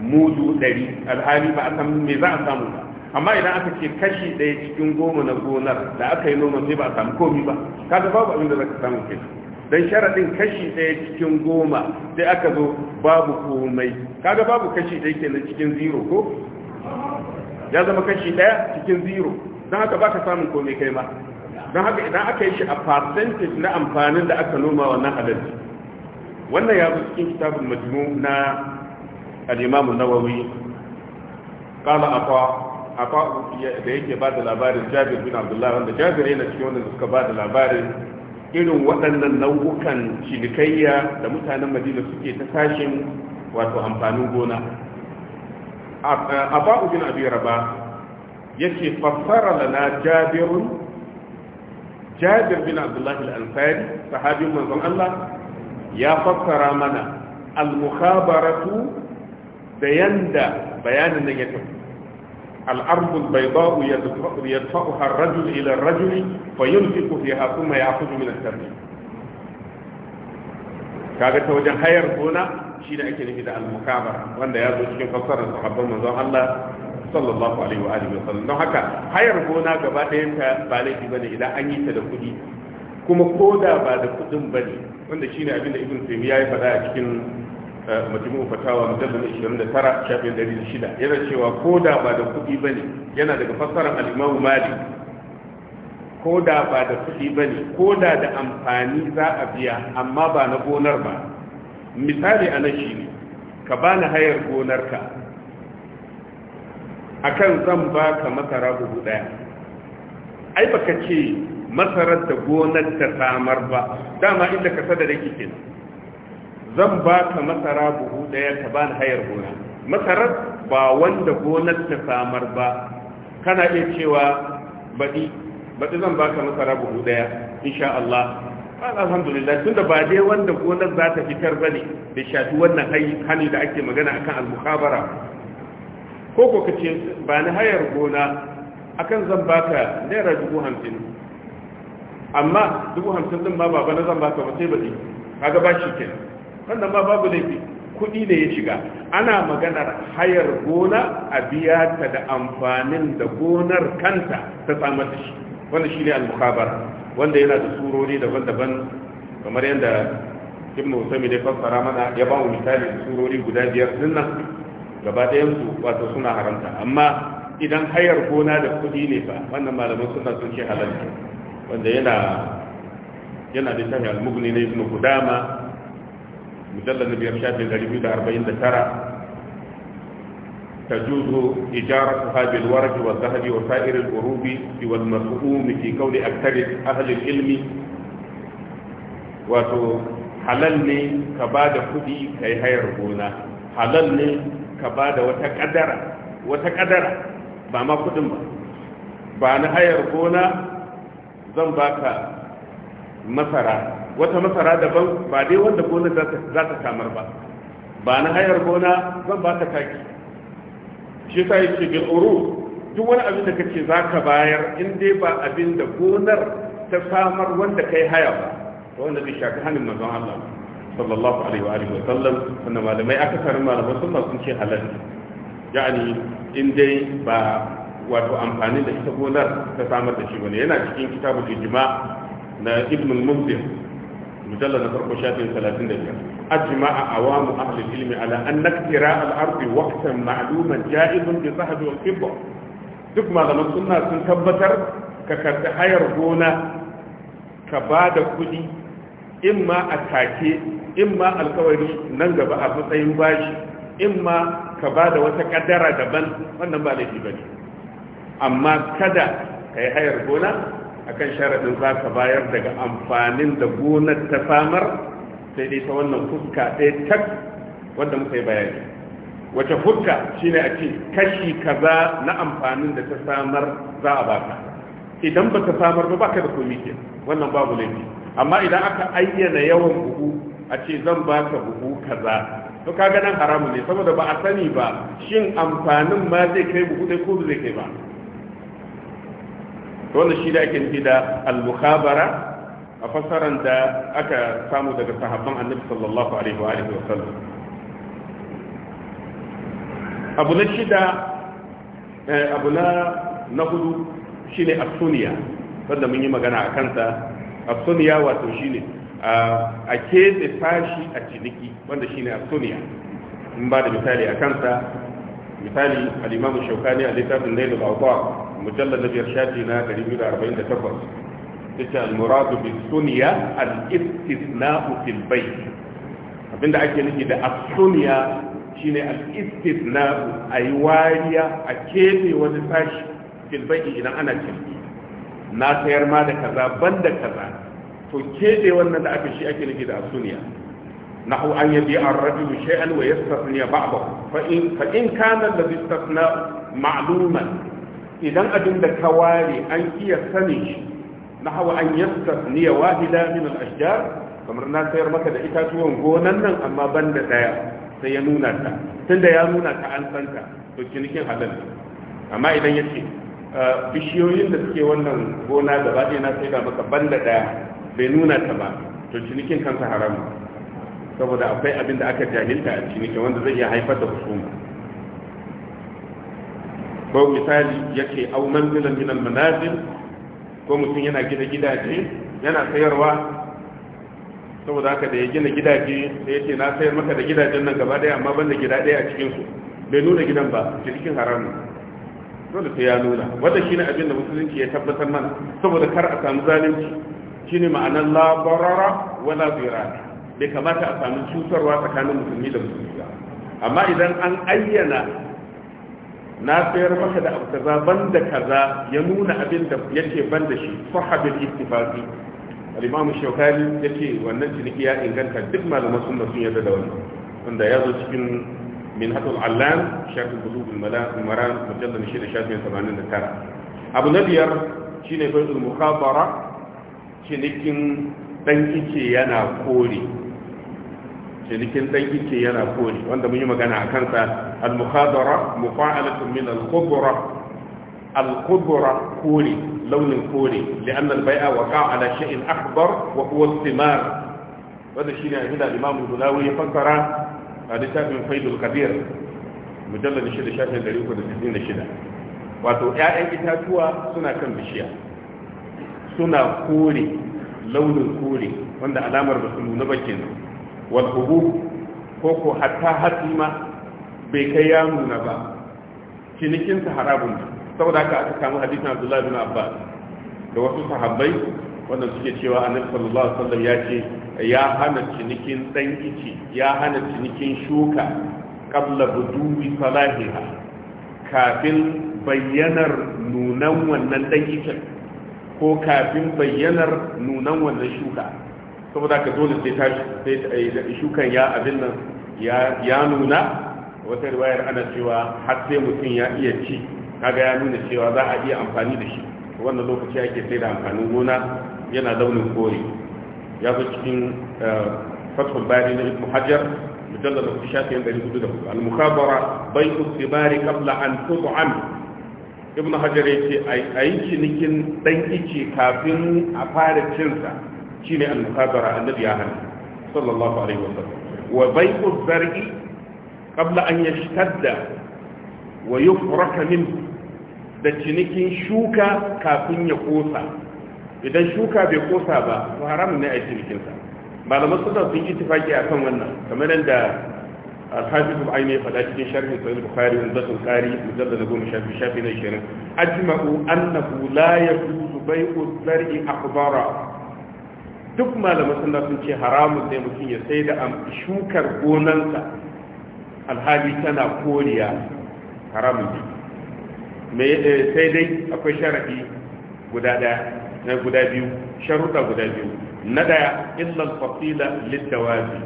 mudu ɗari alhali ba a san me za a samu ba amma idan aka ce kashi ɗaya cikin goma na gonar da aka yi noma sai ba a samu komi ba kaga babu abin da za ka samu kenan don sharaɗin kashi ɗaya cikin goma sai aka zo babu komai kaga babu kashi ɗaya ke nan cikin zero ko ya zama kashi ɗaya cikin zero don haka ba ka samun komai kai ma don haka idan aka yi shi a percentage na amfanin da aka noma wannan halarci wannan ya zo cikin kitabun majmu na al'imamu nawawi kala Akwa, Akwa da yake ba da labarin jabir bin abdullahi wanda jabir yana cikin wanda suka ba da labarin irin waɗannan nau'ukan cinikayya da mutanen madina suke ta tashin wato amfanin gona aba'u bin abi ba, yake fassara lana jabirun jabir bin abdullahi al-ansari sahabin manzon Allah ya fassara mana al-mukhabaratu da yanda bayanin nan ya tafi الأرض البيضاء يدفعها الرجل إلى الرجل فينفق فيها ثم يأخذ من الترميم kaga ta wajen hayar gona shi da ake nufi da almukabara wanda ya zo cikin fassarar sahabban manzon Allah sallallahu alaihi wa alihi wasallam don haka hayar gona gaba ɗayan ta ba laifi bane idan an yi ta da kuɗi kuma koda ba da kuɗin bane wanda shine abin da ibn taymiya ya faɗa a cikin majmu fatawa mujallal 29 shafin shida, yana cewa ko da ba da kuɗi bane yana daga fassarar al-Imam Malik ko da ba da kuɗi bane ko da da amfani za a biya amma ba na gonar ba misali anan ne, ka bani hayar gonarka akan zan ba ka masara buhu ɗaya, ai baka ce masarar da gonar ta samar ba dama inda ka sada da kenan zan ba ka masara buhu ɗaya ta bani hayar gona masarar ba wanda gonar ta samar ba kana iya cewa baɗi baɗi zan ba ka masara buhu ɗaya insha Allah alhamdulillah tunda ba dai wanda gonar za ta fitar ba ne da shafi wannan hali da ake magana akan al-mukhabara ko ko kace ba ni hayar gona akan zan baka naira dubu hamsin amma dubu hamsin din ma ba na zan baka ba sai ba kaga ba shi kenan wannan ba babu laifi kuɗi ne ya shiga ana maganar hayar gona a biya ta da amfanin da gonar kanta ta samar da shi wannan ne al-mukhabara wanda yana da surori daban-daban kamar yadda ibn usami da fassara mana ya ba mu misali da surori guda biyar din nan gaba ɗayan su wato suna haramta amma idan hayar gona da kuɗi ne ba wannan malamin suna sun ce halal wanda yana yana da tafi al-mughni na ibn qudama mujallar na biyar shafin ɗari biyu da arba'in da tara تجوز إجارتها بالورق والذهب وسائر القروب والمفهوم في كون أكثر أهل العلم wato halal ne ka ba da kuɗi ka yi hayar gona halal ne ka ba da wata ƙadara wata ƙadara ba ma kuɗin ba ba na hayar gona zan baka masara wata masara daban ba dai wanda gona za ta samar ba ba na hayar gona zan ba ta taki shi sa yake bil uru duk wani abin da kace za ka bayar in dai ba abin da gonar ta samar wanda kai haya ba to wanda bai shafi hannun manzon Allah sallallahu alaihi wa alihi wa sallam wannan malamai aka sanar malamai sun sun ce halal yani in dai ba wato amfani da ita gonar ta samar da shi bane yana cikin kitabul ijma na ibn al-mubdin mujalla na farko shafin 35 ajma'a awamu ahli ilmi ala anna iktira al-ard waqtan ma'luman ja'izun bi zahab wal fidda duk malaman suna sun tabbatar ka karɓi hayar gona ka ba da kuɗi in ma a take in ma alkawari nan gaba a matsayin bashi in ma ka ba da wata kaddara daban wannan ba laifi ba ne amma kada ka yi hayar gona akan sharaɗin za ka bayar daga amfanin da gonar ta samar sai dai ta wannan fuska ɗaya tak wanda muka yi bayani wace fuska shine a ce kashi kaza na amfanin da ta samar za a baka idan ba ta samar ba baka da komi ke wannan babu laifi amma idan aka ayyana yawan buhu a ce zan baka buhu kaza to kaga nan haramu ne saboda ba a sani ba shin amfanin ma zai kai buhu ɗaya ko zai kai ba wannan shi da ake nufi da al-mukhabara a fasaran da aka samu daga sahabban annabi sallallahu alaihi wa alihi wasallam abu na shida eh, abu na na hudu shine as sunniya wanda mun yi magana a kansa as sunniya wato shine a keze fashi a ciniki wanda shine as sunniya mun ba da misali a kansa misali al shaukani a littafin lailul awqa mujallad na biyar shafi na biyu da arba'in 248 yace al-muradu bi suniya al-istisna'u fil bayt abinda ake nufi da as suniya shine al-istisna'u ayi wariya a kebe wani sashi fil bayt idan ana ciniki na sayar ma da kaza banda kaza to kebe wannan da aka shi ake nufi da as suniya. نحو أن يبيع الرجل شيئا ويستثني بعضه فإن, فإن كان الذي استثنى معلوما إذا أبن كوالي أن يستني نحو أن يستثني واحدا من الأشجار فمرنا سير مكة maka da itatuwan gonan nan amma ban da daya sai ya nuna ta حدن أما إذا nuna bishiyoyin da suke wannan gona da ɗaya na sai da maka ban da daya bai nuna ta ba to cinikin kansa haramu saboda akwai abin da aka jahilta a ciniki wanda zai iya haifar da husuma ko misali yake au manzilan min al manazil ko mutum yana gina gidaje yana sayarwa saboda haka da ya gina gidaje da yake na sayar maka da gidajen nan gaba daya amma banda gida daya a cikin su bai nuna gidan ba cikin haramun dole sai ya nuna wanda shine abin da musulunci ya tabbatar mana saboda kar a samu zalunci shine ma'anar la barara wala zirara bai kamata a samu cutarwa tsakanin musulmi da musulmi ba amma idan an ayyana na sayar maka da abu kaza ban da kaza ya nuna abin da yake ban da shi sahabin ittifaqi al-imam shaukani yake wannan ciniki ya inganta duk malaman sunna sun yarda da wannan wanda ya zo cikin min hadul allam shafin al malam maran shi da shafin 89 abu na biyar shine bai'ul mukhabara cinikin dan kike yana kore cinikin dan ice yana kore wanda mun yi magana a kansa al-mukhadara mufa'alatun min al-khubra al-khubra kore launin kore li'anna al-bai'a waqa ala shay'in akbar wa huwa al-thimar wanda shine abin da Imam Dulawi ya fassara a littafin Faidul Qadir mujallad 6 shafin 366 wato ƴaƴan itatuwa suna kan bishiya suna kore launin kore wanda alamar basu nuna ba kenan wal ko ko hatta hatima bai kai ya nuna ba cinikin sa harabun saboda haka aka samu hadisin Abdullah bin Abbas da wasu sahabbai wannan suke cewa annabi sallallahu alaihi wasallam ya ce ya hana cinikin dan ici ya hana cinikin shuka qabla budubi salahiha kafin bayyanar nunan wannan dan ko kafin bayyanar nunan wannan shuka saboda ka dole sai ta sai shukan ya abin nan ya nuna wata riwayar ana cewa har sai mutum ya iya ci kaga ya nuna cewa za a iya amfani da shi wannan lokaci ake sai da amfanin gona yana launin kore ya zo cikin eh, fathul bari na ibn hajar mujallal da shafiyan dari hudu da hudu al-mukhabara bai'u thimari qabla an tud'am ibn hajar yace ai cinikin dan ice kafin a fara cinsa ne al-muhabara annabi ya hana sallallahu alaihi wasallam wa bai'u zar'i qabla an yashtadda wa yufraka min da cinikin shuka kafin ya kosa idan shuka bai kosa ba to haram ne a cinikin sa malaman sunna sun ittifaki akan wannan kamar yadda fada cikin يقول أجل شرح صحيح البخاري ومدة القاري مجلد نقوم شافي شافي نيشن أجمعوا أنه لا يجوز بيع الزرع أخضرا duk malaman suna sun ce haramun ne mutum ya sai da shukar gonansa alhali tana koriya haramun ne sai dai akwai sharaɗi guda ɗaya na guda biyu sharuɗa guda biyu na ɗaya illal fasila liddawazi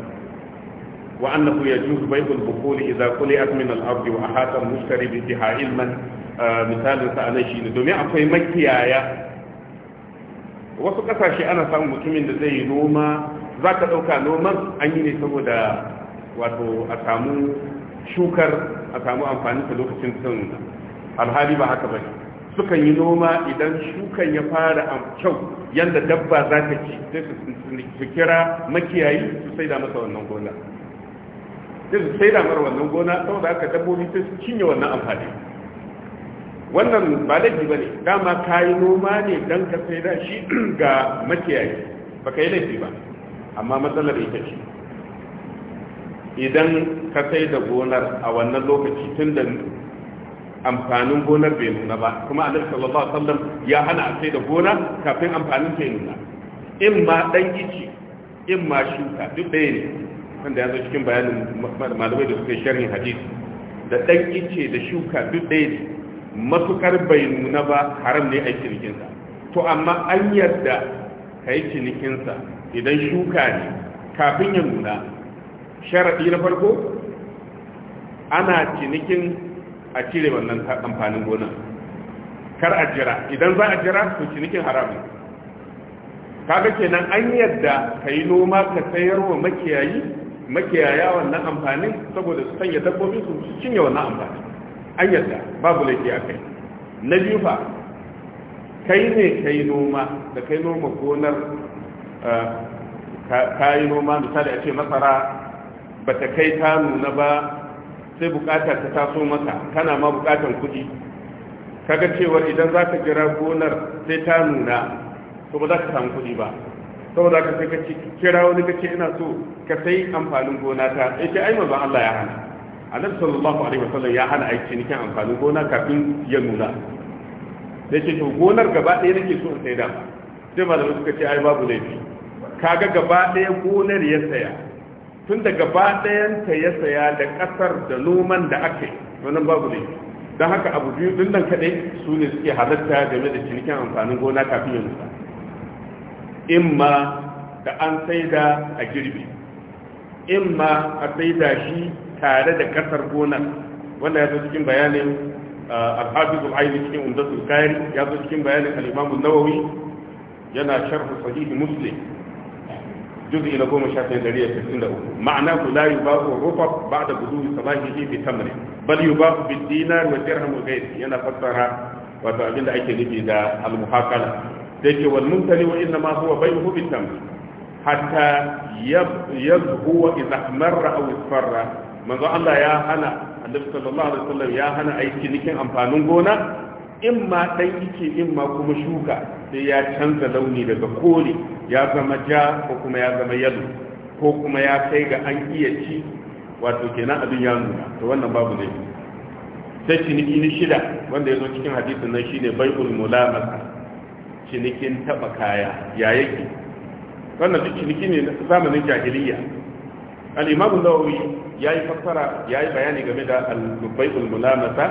wa annahu yajuzu bai'ul bukuli idza quli'at min al-ardi wa ahata al-mushtari bi ilman misalin sa anan shine domin akwai makiyaya wasu kasashe ana samun mutumin da zai yi noma za ka ɗauka noman an yi ne saboda wato a samu shukar a samu amfani ta lokacin sun alhali ba haka ba sukan yi noma idan shukan ya fara kyau yadda dabba za ta ci sai su kira makiyayi su sai da masa wannan gona sai su sai da mara wannan gona saboda haka dabbobi sai su cinye wannan amfani wannan ba laifi ba ne dama ka yi noma ne don ka sai da shi ga makiyayi ba ka yi laifi ba amma matsalar ita ce idan ka sai da gonar a wannan lokaci tun da amfanin gonar bai nuna ba kuma a sallallahu alaihi wasallam ya hana a sai da gona kafin amfanin ta nuna in ma dan gici in ma shuka duk ɗaya ne wanda ya zo cikin bayanin malamai da suka sharhin hadisi da dan gici da shuka duk ɗaya ne matukar bai nuna ba haram ne a cinikinsa to amma an yarda ka yi cinikinsa idan shuka ne kafin ya nuna sharaɗi na farko ana cinikin a cire wannan amfanin gona kar a jira idan za a jira to cinikin haram kaga kenan an yarda ka yi noma ka sayar wa makiyayi makiyaya wannan amfanin saboda su sanya dabbobin su cinye wannan amfanin an babu laifi a kai na biyu fa kai ne kai noma da kai noma gonar eh, ka yi noma misali a ce masara ba ta kai ta nuna ba sai bukatar ta taso maka kana ma bukatan kuɗi kaga cewa idan za ka jira gonar sai ta nuna to ba za ka samu kuɗi ba saboda ka sai ka kira wani ka ina so ka sai amfanin gona ta ya ce ai mazan Allah ya hana annabi sallallahu alaihi wasallam ya hana aiki cinikin amfanin gona kafin ya nuna da ce to gonar gaba ɗaya nake so in sai da sai malamai suka ce ai babu laifi kaga gaba ɗaya gonar ya saya tun da gaba ta ya saya da ƙasar da noman da aka yi wannan babu laifi don haka abu biyu din nan kaɗai su ne suke halarta game da cinikin amfanin gona kafin ya nuna imma da an sai da a girbi imma a sai da shi tare da kasar gonar wanda ya zo cikin bayanin ah, al-hafiz al-aini cikin umdatul kari ya zo cikin bayanin al-imam an-nawawi yana sharh sahih muslim juz'i na 16163 ma'ana ku la yubahu rufab ba'da budu salahihi bi tamri bal yubahu bi dinar wa dirham wa ghayri yana fassara wato abinda ake nufi da al-muhakala da ke wal mumtali wa inna ma huwa bayhu bi tamri hatta yabhu wa idha marra aw isfarra manzo Allah ya hana annabi sallallahu alaihi wasallam ya hana a yi cinikin amfanin gona in ma dan yake in ma kuma shuka sai ya canza launi daga kore ya zama ja ko kuma ya zama yalo ko kuma ya kai ga an iya ci wato kenan abin ya nuna to wannan babu ne sai ciniki ni shida wanda ya zo cikin hadisin nan shine bai'ul mulamaka cinikin taba kaya ya yake wannan duk ciniki ne na zamanin jahiliya al-imam an-nawawi yayi fassara yi bayani game da al-bai'ul mulamata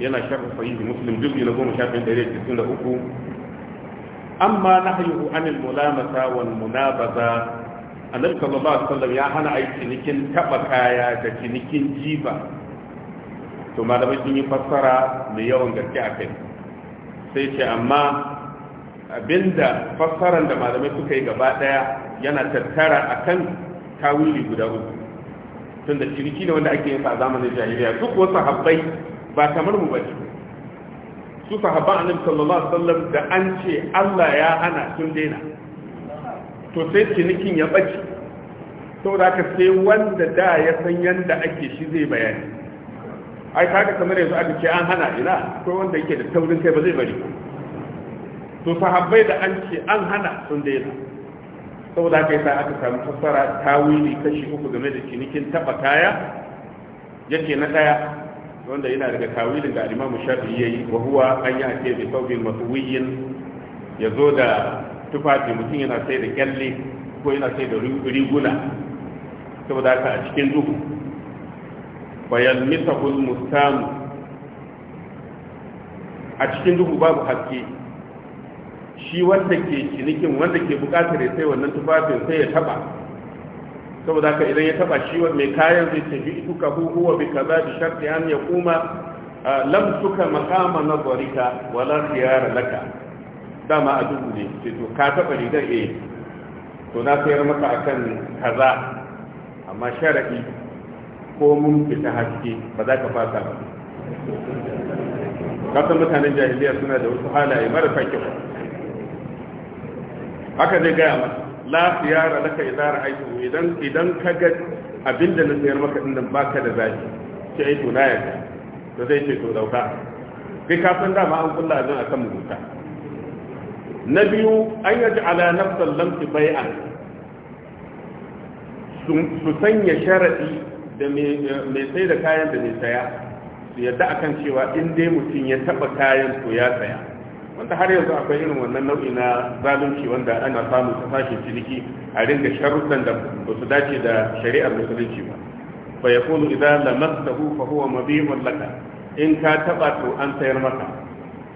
yana sharh sahih muslim juz'i na da da uku. amma na nahyuhu anil mulamata wal munabaza annabi sallallahu alaihi wasallam ya hana ai cinikin taba kaya da cinikin jiba to malamai sun yi fassara mai yawan gaske a kai sai ce amma abinda fassaran da malamai suka yi gaba ɗaya yana tattara a akan tawili guda uku tun da ciniki ne wanda ake yin sa a zamanin jahiliya su kuwa sahabbai ba kamar mu bace su sahabban annabi sallallahu alaihi wasallam da an ce Allah ya hana sun daina to sai cinikin ya bace saboda haka sai wanda da ya san yanda ake shi zai bayani ai kaga kamar yanzu aka ce an hana ina ko wanda yake da taurin kai ba zai bari to sahabbai da an ce an hana sun daina saboda haka yasa aka samu fassara tawili kashi uku game da cinikin taba kaya yake na daya wanda yana daga tawilin da al-Imam Shafi'i yayi wa huwa an ya'ti bi thawbin ya zo da tufafi mutum yana sai da kyalle ko yana sai da riguna saboda haka a cikin duhu bayan misahul mustamu a cikin duhu babu haske shi wanda ke cinikin wanda ke bukatar ya sai wannan tufafin sai ya taba saboda haka idan ya taba shi mai kayan zai ce bi tuka huwa bi kaza bi sharti an ya kuma lam suka na zorika wala khiyara laka dama a dubu ne sai to ka taba rigar eh to na sayar maka kan kaza amma sharadi ko mun fita haske ba za ka fasa ba kasan mutanen jahiliya suna da wasu halaye marasa kyau haka zai gaya masa la siyara laka idza ra'aytu idan idan ka ga abinda na sayar maka din nan baka da zaki ce ai to na yaka to zai ce to dauka kai ka san dama an kulla azan akan mugunta na biyu an yaji ala nafsan lamti bai'a, su sanya sharadi da mai sai da kayan da mai saya su yadda akan cewa in dai mutum ya taba kayan to ya saya wanda har yanzu akwai irin wannan nau'i na zalunci wanda ana samu ta fashin ciniki a ringa sharuɗan da ba su dace da shari'ar musulunci ba fa yakunu idan lamastahu fa huwa mabi'un laka in ka taba to an sayar maka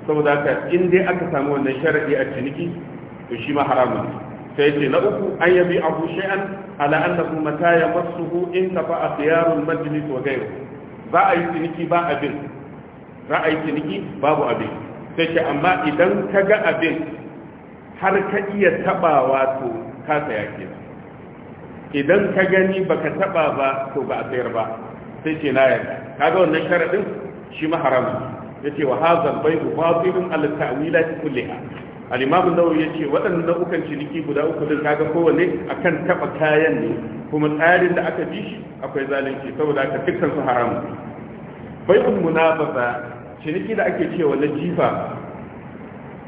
saboda haka in dai aka samu wannan sharadi a ciniki to shi ma haramun sai ce na uku an yabi abu shay'an ala annahu mata yamassuhu in tafa khiyarul majlis wa ghayruhu ba a yi ciniki ba abin ra'ayi ciniki babu abin sai ce amma idan ka ga abin har ka iya tabawa to ka saya ke idan ka gani baka taba ba to ba a sayar ba sai ce na yarda kaga wannan sharadin shi ma haramun yace wa hazan al-bay'u batilun ala kulliha al-imam an-nawawi yace waɗannan nau'ukan ciniki guda uku din kaga kowanne akan taba kayan ne kuma tsarin da aka bi shi akwai zalunci saboda ka dukkan su haramu bai'ul munafaza ciniki da ake cewa na jifa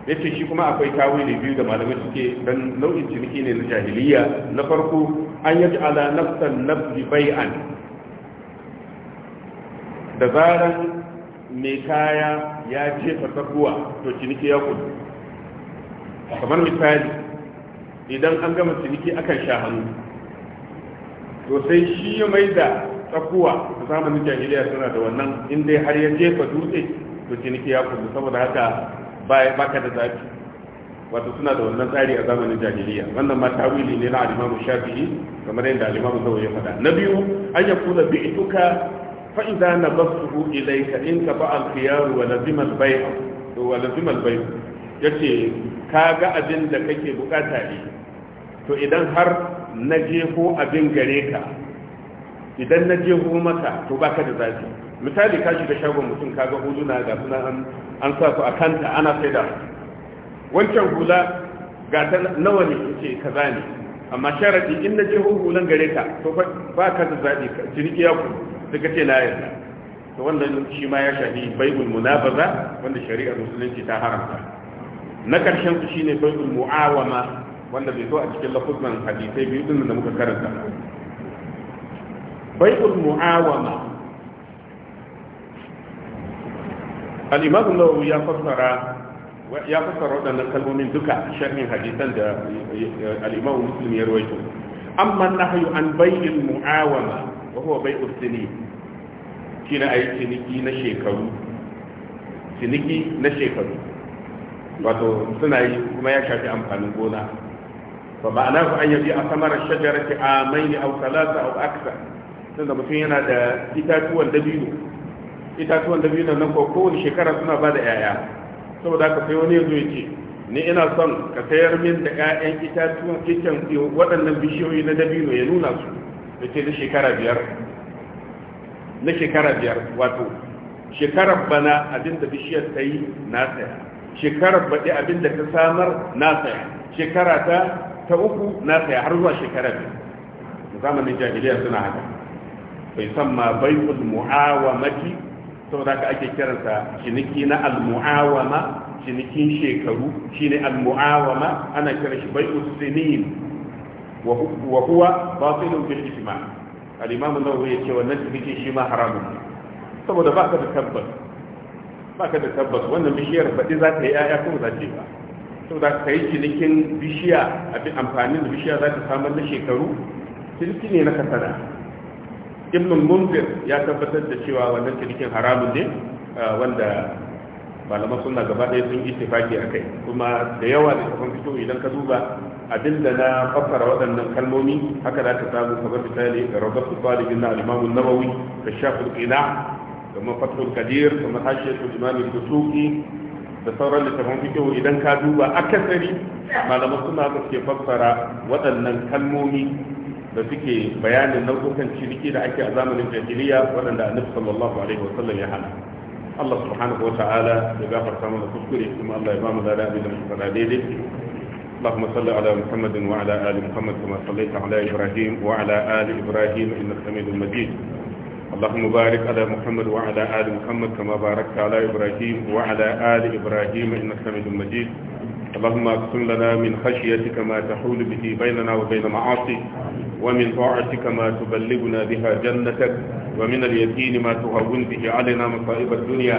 ya ce shi kuma akwai tawili biyu da malamai suke don nau'in ciniki ne na jahiliya na farko an yaji ala nafsan nafsi bai'an da zaran mai kaya ya jefa tsakuwa to ciniki ya kudu kamar misali idan an gama ciniki akan sha hannu to sai shi ya mai da tsakuwa a zamanin jahiliya suna da wannan in dai har ya jefa dutse to ciniki ya kudu saboda haka baka da zafi wato suna da wannan tsari a zamanin jahiliya wannan ma tawili ne na alimamu shafi'i kamar yadda alimamu zawo ya faɗa na biyu an ya kula bi ituka fa idza ilai ka in ka ba al wa lazima bai bay' wa bai ya ce ka ga abin da kake bukata ne to idan har na jefo abin gare ka idan na je maka to baka da zafi misali ka shiga shagon mutum ka kaga huduna ga suna an sa su a kanta ana da wancan hula ga ta nawa ne ce kaza ne amma sharadi in na je hulan gare ka to ba da zafi ciniki ya ku daga ce na yarda to wannan shi ma ya shafi baibul munabaza wanda shari'ar musulunci ta haramta na karshen su shine baibul mu'awama wanda bai zo a cikin lafuzan hadisai biyu din da muka karanta bai'ul mu'awama al-imam ya fassara ya fassara waɗannan kalmomin duka sharhin hadisan da al-imam muslim ya rawaito amma nahyu an bai'il mu'awama wa huwa bai'us shi kina ayi ciniki na shekaru ciniki na shekaru wato suna yi kuma ya shafi amfanin gona fa ma'ana ku an yabi a samar shajarati amaini aw thalatha aw akthar tunda mutum yana da itatuwan dabino itatuwan dabino nan ko kowane shekara suna ba da 'ya'ya saboda haka sai wani ya zo ya ce ni ina son ka sayar min da 'ya'yan itatuwan kicin waɗannan bishiyoyi na dabino ya nuna su da ce na shekara biyar na shekara biyar wato shekarar bana abin da bishiyar ta yi na tsaya, shekarar baɗi abin da ta samar na tsaya, shekara ta ta uku na tsaya, har zuwa shekara biyu zamanin jahiliya suna haka bai san ma bai'ul mu'awamati saboda ka ake kiransa ciniki na al-mu'awama cinikin shekaru shine al-mu'awama ana kiran shi bai'ul sinin wa huwa batilun bil ijma al-imam an-nawawi yace wannan ciniki shi ma haramun saboda ba ka da tabbas ba ka da tabbas wannan bishiyar baɗi za ta yi ƴaƴa kuma za ta yi ba saboda ka yi cinikin bishiya a bi amfanin da bishiya za ta samar na shekaru ciniki ne na kasara ibnu munzir ya tabbatar da cewa wannan cinikin haramun ne ah, wanda malaman suna gaba ɗaya sun ittifaki a kai kuma da yawa da kafin fito idan ka duba abinda na fassara waɗannan kalmomi haka za ka samu kamar misali rabatu talibin na al-imamu nawawi da shafin qina kamar fatul kadir da kamar hashiyatul imam al-busuki da sauran littafin fito idan ka duba akasari malaman suna suke fassara waɗannan kalmomi da suke bayanin nau'ukan ciniki da ake a zamanin jahiliya waɗanda annabi sallallahu alaihi wasallam ya hana Allah subhanahu wa ta'ala ya gafarta mana kuskure kuma Allah ya ba mu lada da muka faɗa daidai اللهم صل على محمد وعلى آل محمد كما صليت على إبراهيم وعلى آل إبراهيم إنك حميد مجيد اللهم بارك على محمد وعلى آل محمد كما باركت على إبراهيم وعلى آل إبراهيم إنك حميد مجيد اللهم اغفر لنا من خشيتك ما تحول به بيننا وبين معاصيك ومن طاعتك ما تبلغنا بها جنتك ومن اليقين ما تهون به علينا مصائب الدنيا